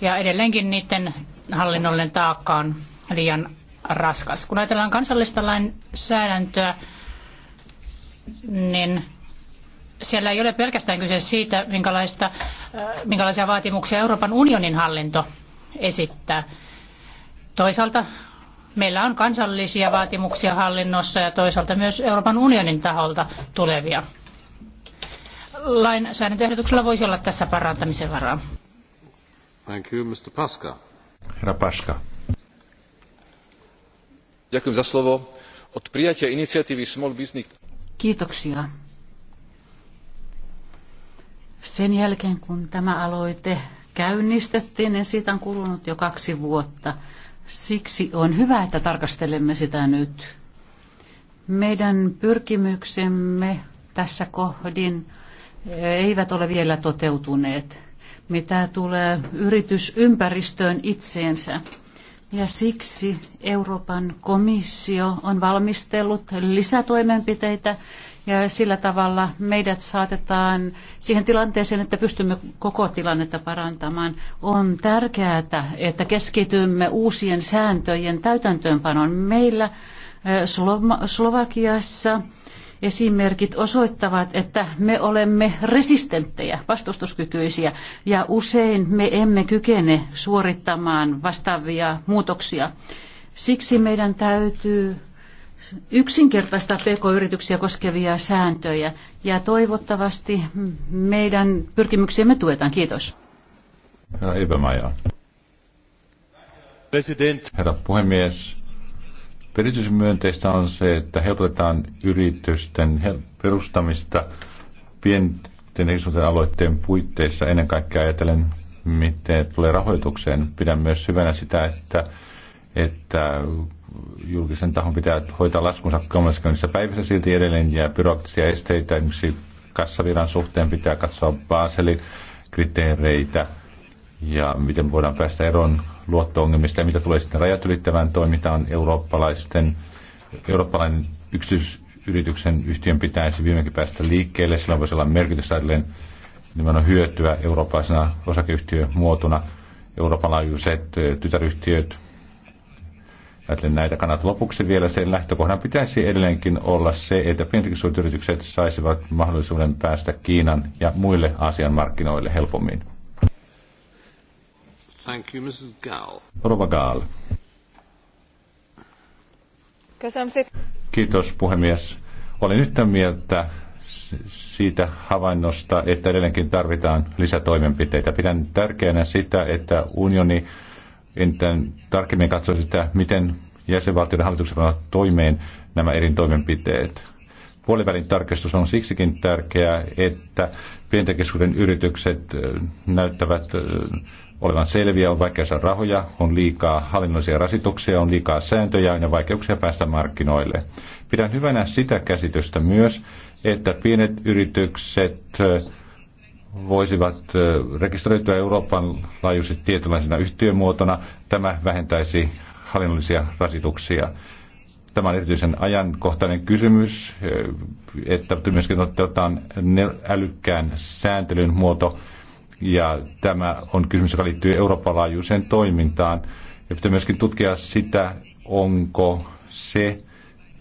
ja edelleenkin niiden hallinnollinen taakka on liian raskas. Kun ajatellaan kansallista lainsäädäntöä, niin siellä ei ole pelkästään kyse siitä, minkälaista, äh, minkälaisia vaatimuksia Euroopan unionin hallinto esittää. Toisaalta meillä on kansallisia vaatimuksia hallinnossa ja toisaalta myös Euroopan unionin taholta tulevia. Lainsäädäntöehdotuksella voisi olla tässä parantamisen varaa. Thank you, Mr. Paska. Herra Paska. Ďakujem za slovo. Od prijatia iniciatívy Small Business Kiitoksia. Sen jälkeen, kun tämä aloite käynnistettiin, niin siitä on kulunut jo kaksi vuotta. Siksi on hyvä, että tarkastelemme sitä nyt. Meidän pyrkimyksemme tässä kohdin eh, eivät ole vielä toteutuneet, mitä tulee yritysympäristöön itseensä ja siksi Euroopan komissio on valmistellut lisätoimenpiteitä ja sillä tavalla meidät saatetaan siihen tilanteeseen, että pystymme koko tilannetta parantamaan. On tärkeää, että keskitymme uusien sääntöjen täytäntöönpanoon meillä eh, Slovakiassa esimerkit osoittavat, että me olemme resistenttejä, vastustuskykyisiä ja usein me emme kykene suorittamaan vastaavia muutoksia. Siksi meidän täytyy yksinkertaistaa pk-yrityksiä koskevia sääntöjä ja toivottavasti meidän pyrkimyksiämme tuetaan. Kiitos. Herra Ibemäjä. Herra puhemies, Erityisen myönteistä on se, että helpotetaan yritysten perustamista pienten isoten aloitteen puitteissa ennen kaikkea ajatellen, miten tulee rahoitukseen. Pidän myös hyvänä sitä, että, että julkisen tahon pitää hoitaa laskunsa 30 päivässä silti edelleen ja byrokratisia esteitä, esimerkiksi kassaviran suhteen pitää katsoa Baselin kriteereitä ja miten voidaan päästä eroon luottoongelmista ja mitä tulee sitten rajat ylittävään toimintaan eurooppalaisten, eurooppalainen yksityisyrityksen yhtiön pitäisi viimekin päästä liikkeelle. Sillä voisi olla merkitys ajatellen nimenomaan hyötyä eurooppalaisena osakeyhtiömuotona. Euroopan laajuiset tytäryhtiöt, Ajattelen näitä kannat lopuksi vielä. Sen lähtökohdan pitäisi edelleenkin olla se, että pienet yritykset saisivat mahdollisuuden päästä Kiinan ja muille Aasian markkinoille helpommin. Thank you, Mrs. Gall. Rova Gall. Kiitos puhemies. Olen yhtä mieltä siitä havainnosta, että edelleenkin tarvitaan lisätoimenpiteitä. Pidän tärkeänä sitä, että unioni enten tarkemmin katsoo sitä, miten jäsenvaltioiden hallitukset ovat toimeen nämä eri toimenpiteet. Puolivälin tarkistus on siksikin tärkeää, että pienten yritykset näyttävät olevan selviä, on vaikea saada rahoja, on liikaa hallinnollisia rasituksia, on liikaa sääntöjä ja vaikeuksia päästä markkinoille. Pidän hyvänä sitä käsitystä myös, että pienet yritykset voisivat rekisteröityä Euroopan laajuisesti tietynlaisena yhtiömuotona. Tämä vähentäisi hallinnollisia rasituksia. Tämä on erityisen ajankohtainen kysymys, että myöskin otetaan älykkään sääntelyn muoto ja tämä on kysymys, joka liittyy Euroopan laajuiseen toimintaan. Ja pitää myöskin tutkia sitä, onko se,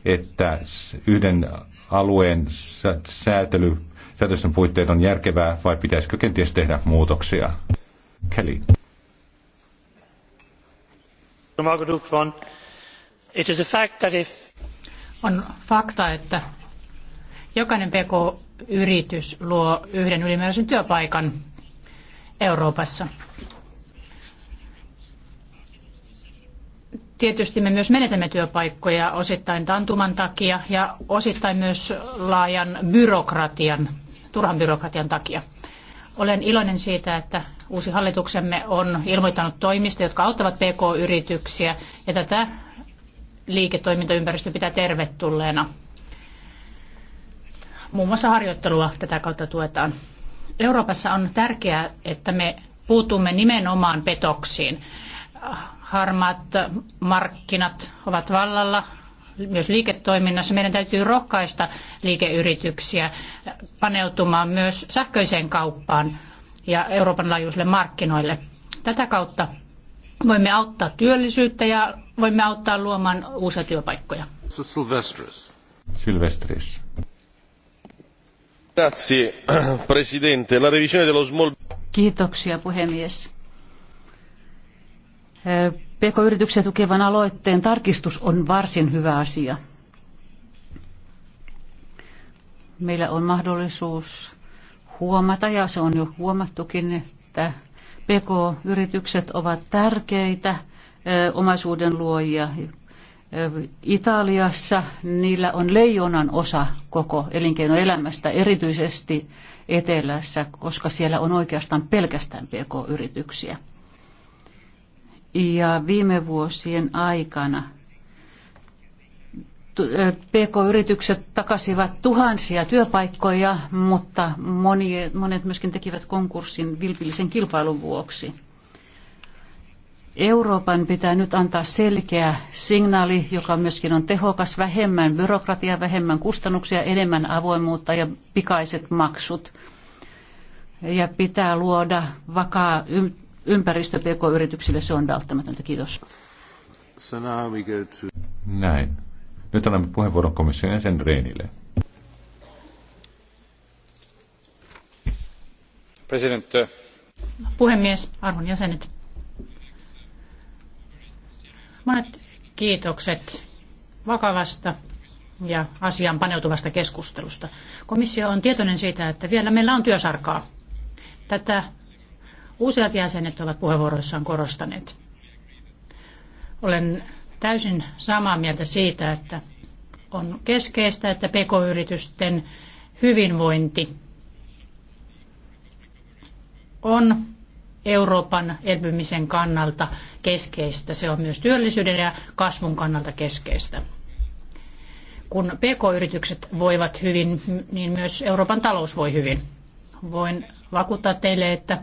että yhden alueen säätely, säätösten puitteet on järkevää vai pitäisikö kenties tehdä muutoksia? Kelly. On fakta, että jokainen PK-yritys luo yhden ylimääräisen työpaikan Euroopassa. Tietysti me myös menetämme työpaikkoja osittain tantuman takia ja osittain myös laajan byrokratian, turhan byrokratian takia. Olen iloinen siitä, että uusi hallituksemme on ilmoittanut toimista, jotka auttavat PK-yrityksiä ja tätä liiketoimintaympäristö pitää tervetulleena. Muun muassa harjoittelua tätä kautta tuetaan. Euroopassa on tärkeää, että me puutumme nimenomaan petoksiin. Harmaat markkinat ovat vallalla myös liiketoiminnassa. Meidän täytyy rohkaista liikeyrityksiä paneutumaan myös sähköiseen kauppaan ja Euroopan laajuisille markkinoille. Tätä kautta voimme auttaa työllisyyttä ja voimme auttaa luomaan uusia työpaikkoja. Sylvestris. Sylvestris. *clears throat* Kiitoksia puhemies. Eh, PK-yrityksiä tukevan aloitteen tarkistus on varsin hyvä asia. Meillä on mahdollisuus huomata, ja se on jo huomattukin, että PK-yritykset ovat tärkeitä eh, omaisuuden luojia Italiassa niillä on leijonan osa koko elinkeinoelämästä, erityisesti etelässä, koska siellä on oikeastaan pelkästään pk-yrityksiä. Ja viime vuosien aikana äh, PK-yritykset takasivat tuhansia työpaikkoja, mutta monet myöskin tekivät konkurssin vilpillisen kilpailun vuoksi. Euroopan pitää nyt antaa selkeä signaali, joka myöskin on tehokas, vähemmän byrokratiaa, vähemmän kustannuksia, enemmän avoimuutta ja pikaiset maksut. Ja pitää luoda vakaa ympäristö PK-yrityksille, se on välttämätöntä. Kiitos. So to... Näin. Nyt annamme puheenvuoron komission jäsen Reenille. President. Puhemies, arvon jäsenet. Monet kiitokset vakavasta ja asian paneutuvasta keskustelusta. Komissio on tietoinen siitä, että vielä meillä on työsarkaa. Tätä useat jäsenet ovat puheenvuoroissaan korostaneet. Olen täysin samaa mieltä siitä, että on keskeistä, että pk-yritysten hyvinvointi on Euroopan elpymisen kannalta keskeistä. Se on myös työllisyyden ja kasvun kannalta keskeistä. Kun PK-yritykset voivat hyvin, niin myös Euroopan talous voi hyvin. Voin vakuuttaa teille, että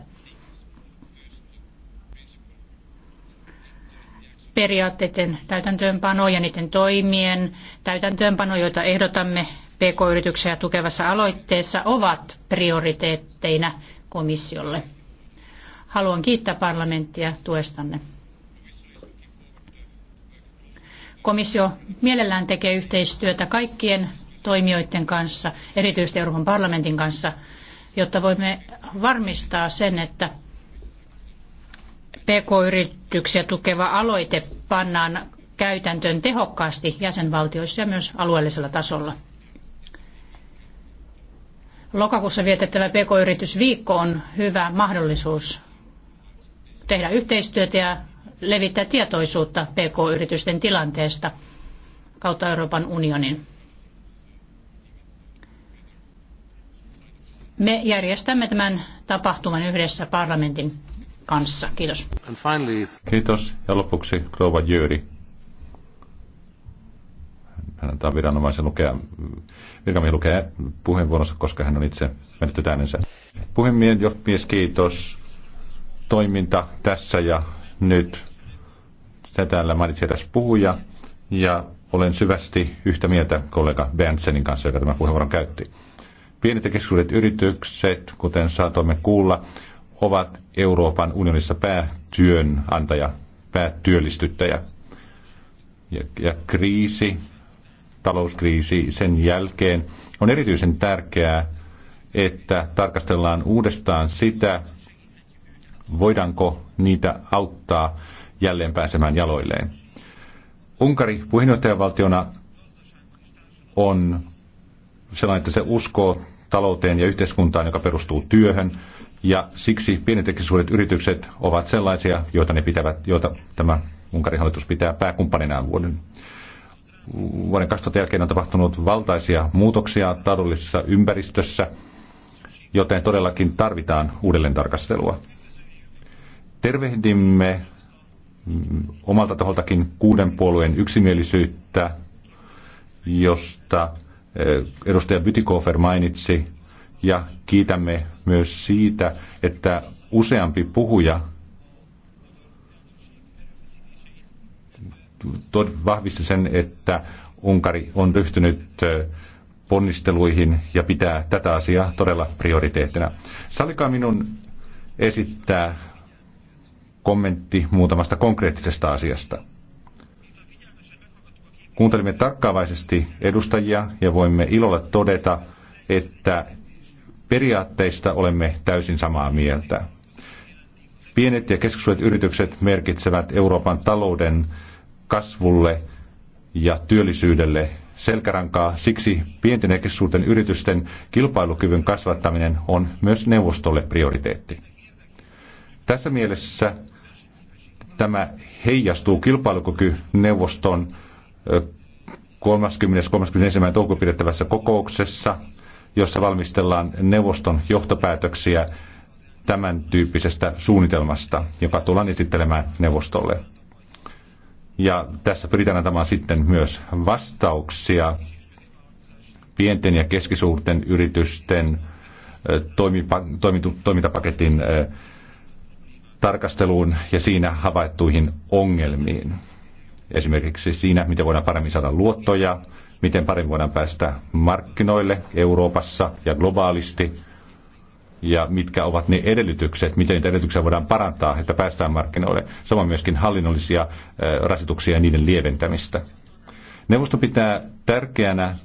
periaatteiden täytäntöönpano ja niiden toimien täytäntöönpano, joita ehdotamme PK-yrityksiä tukevassa aloitteessa, ovat prioriteetteina komissiolle. Haluan kiittää parlamenttia tuestanne. Komissio mielellään tekee yhteistyötä kaikkien toimijoiden kanssa, erityisesti Euroopan parlamentin kanssa, jotta voimme varmistaa sen, että PK-yrityksiä tukeva aloite pannaan käytäntöön tehokkaasti jäsenvaltioissa ja myös alueellisella tasolla. Lokakuussa vietettävä PK-yritysviikko on hyvä mahdollisuus tehdä yhteistyötä ja levittää tietoisuutta PK-yritysten tilanteesta kautta Euroopan unionin. Me järjestämme tämän tapahtuman yhdessä parlamentin kanssa. Kiitos. Finally... Kiitos. Ja lopuksi Rova Jyri. Hän antaa viranomaisen lukea, virkamiehen lukea puheenvuoronsa, koska hän on itse menettänyt äänensä. Puhemies, kiitos toiminta tässä ja nyt. Sitä täällä mainitsi eräs puhuja ja olen syvästi yhtä mieltä kollega Berntsenin kanssa, joka tämän puheenvuoron käytti. Pienet ja keskuudet yritykset, kuten saatoimme kuulla, ovat Euroopan unionissa päätyönantaja, päätyöllistyttäjä. Ja, ja kriisi, talouskriisi sen jälkeen on erityisen tärkeää, että tarkastellaan uudestaan sitä, voidaanko niitä auttaa jälleen pääsemään jaloilleen. Unkari puheenjohtajavaltiona on sellainen, että se uskoo talouteen ja yhteiskuntaan, joka perustuu työhön, ja siksi pienet suuret yritykset ovat sellaisia, joita, ne pitävät, joita tämä Unkarin hallitus pitää pääkumppaninaan vuoden vuoden 2000 jälkeen on tapahtunut valtaisia muutoksia taloudellisessa ympäristössä, joten todellakin tarvitaan uudelleen tarkastelua. Tervehdimme omalta taholtakin kuuden puolueen yksimielisyyttä, josta eh, edustaja Bytikofer mainitsi, ja kiitämme myös siitä, että useampi puhuja vahvisti sen, että Unkari on ryhtynyt eh, ponnisteluihin ja pitää tätä asiaa todella prioriteettina. Salikaa minun esittää kommentti muutamasta konkreettisesta asiasta. Kuuntelimme tarkkaavaisesti edustajia ja voimme ilolla todeta, että periaatteista olemme täysin samaa mieltä. Pienet ja keskisuudet yritykset merkitsevät Euroopan talouden kasvulle ja työllisyydelle selkärankaa. Siksi pienten ja keskisuurten yritysten kilpailukyvyn kasvattaminen on myös neuvostolle prioriteetti. Tässä mielessä Tämä heijastuu kilpailukykyneuvoston 30.31. toukokuuta pidettävässä kokouksessa, jossa valmistellaan neuvoston johtopäätöksiä tämän tyyppisestä suunnitelmasta, joka tullaan esittelemään neuvostolle. Ja tässä pyritään antamaan sitten myös vastauksia pienten ja keskisuurten yritysten toimintapaketin tarkasteluun ja siinä havaittuihin ongelmiin. Esimerkiksi siinä, miten voidaan paremmin saada luottoja, miten paremmin voidaan päästä markkinoille Euroopassa ja globaalisti, ja mitkä ovat ne edellytykset, miten niitä edellytyksiä voidaan parantaa, että päästään markkinoille. Samoin myöskin hallinnollisia rasituksia ja niiden lieventämistä. Neuvosto pitää tärkeänä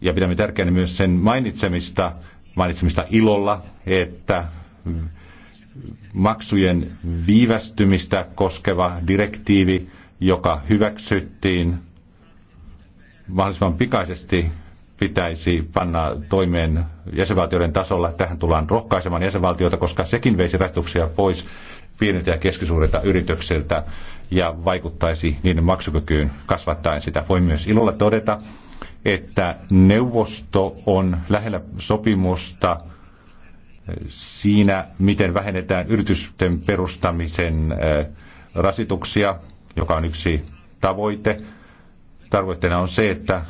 ja pidämme tärkeänä myös sen mainitsemista, mainitsemista ilolla, että maksujen viivästymistä koskeva direktiivi, joka hyväksyttiin mahdollisimman pikaisesti pitäisi panna toimeen jäsenvaltioiden tasolla. Tähän tullaan rohkaisemaan jäsenvaltioita, koska sekin veisi rajoituksia pois pieniltä ja keskisuurilta yrityksiltä ja vaikuttaisi niiden maksukykyyn kasvattaen sitä. Voi myös ilolla todeta, että neuvosto on lähellä sopimusta – siinä, miten vähennetään yritysten perustamisen äh, rasituksia, joka on yksi tavoite. Tavoitteena on se, että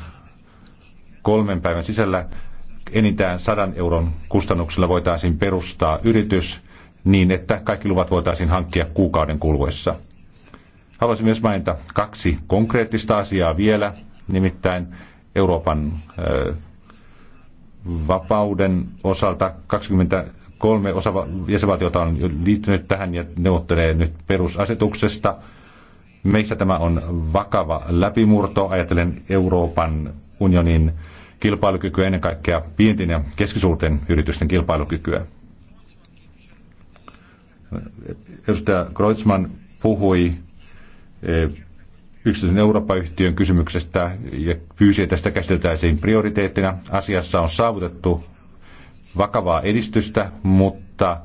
kolmen päivän sisällä enintään 100 euron kustannuksella voitaisiin perustaa yritys niin, että kaikki luvat voitaisiin hankkia kuukauden kuluessa. Haluaisin myös mainita kaksi konkreettista asiaa vielä, nimittäin Euroopan äh, vapauden osalta 23 osa jäsenvaltiota on liittynyt tähän ja neuvottelee nyt perusasetuksesta. Meissä tämä on vakava läpimurto, ajatellen Euroopan unionin kilpailukykyä, ennen kaikkea pienten ja keskisuurten yritysten kilpailukykyä. Edustaja Kreutzmann puhui eh, yksityisen Eurooppa-yhtiön kysymyksestä ja pyysi, että sitä käsiteltäisiin prioriteettina. Asiassa on saavutettu vakavaa edistystä, mutta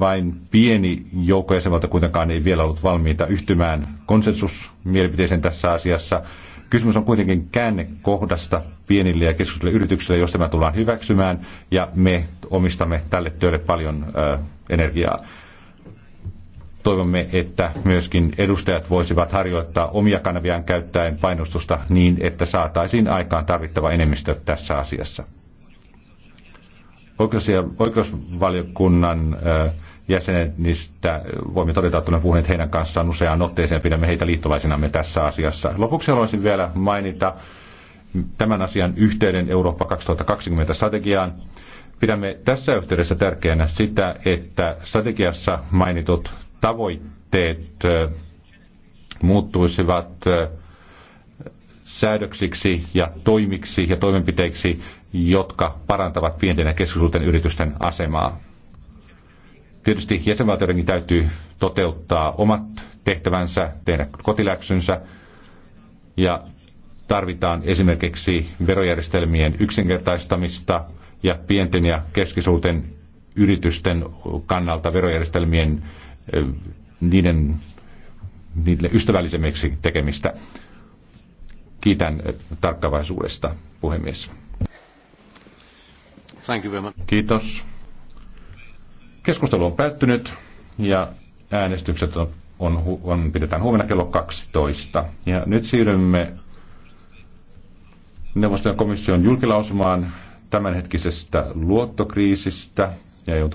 vain pieni joukko jäsenvalta kuitenkaan ei vielä ollut valmiita yhtymään konsensusmielipiteeseen tässä asiassa. Kysymys on kuitenkin käännekohdasta pienille ja keskuksille yrityksille, jos tämä tullaan hyväksymään, ja me omistamme tälle työlle paljon ö, energiaa. Toivomme, että myöskin edustajat voisivat harjoittaa omia kanaviaan käyttäen painostusta niin, että saataisiin aikaan tarvittava enemmistö tässä asiassa. Oikeus- ja, oikeusvaliokunnan äh, jäsenistä äh, voimme todeta, että olemme puhuneet heidän kanssaan useaan otteeseen ja pidämme heitä liittolaisinamme tässä asiassa. Lopuksi haluaisin vielä mainita tämän asian yhteyden Eurooppa 2020 strategiaan. Pidämme tässä yhteydessä tärkeänä sitä, että strategiassa mainitut tavoitteet muuttuisivat säädöksiksi ja toimiksi ja toimenpiteiksi, jotka parantavat pienten ja keskisuurten yritysten asemaa. Tietysti jäsenvaltioidenkin täytyy toteuttaa omat tehtävänsä, tehdä kotiläksynsä ja tarvitaan esimerkiksi verojärjestelmien yksinkertaistamista ja pienten ja keskisuurten yritysten kannalta verojärjestelmien niiden, niille ystävällisemmiksi tekemistä. Kiitän tarkkavaisuudesta, puhemies. Thank you very much. Kiitos. Keskustelu on päättynyt ja äänestykset on, on, on, pidetään huomenna kello 12. Ja nyt siirrymme neuvoston komission julkilausumaan tämänhetkisestä luottokriisistä ja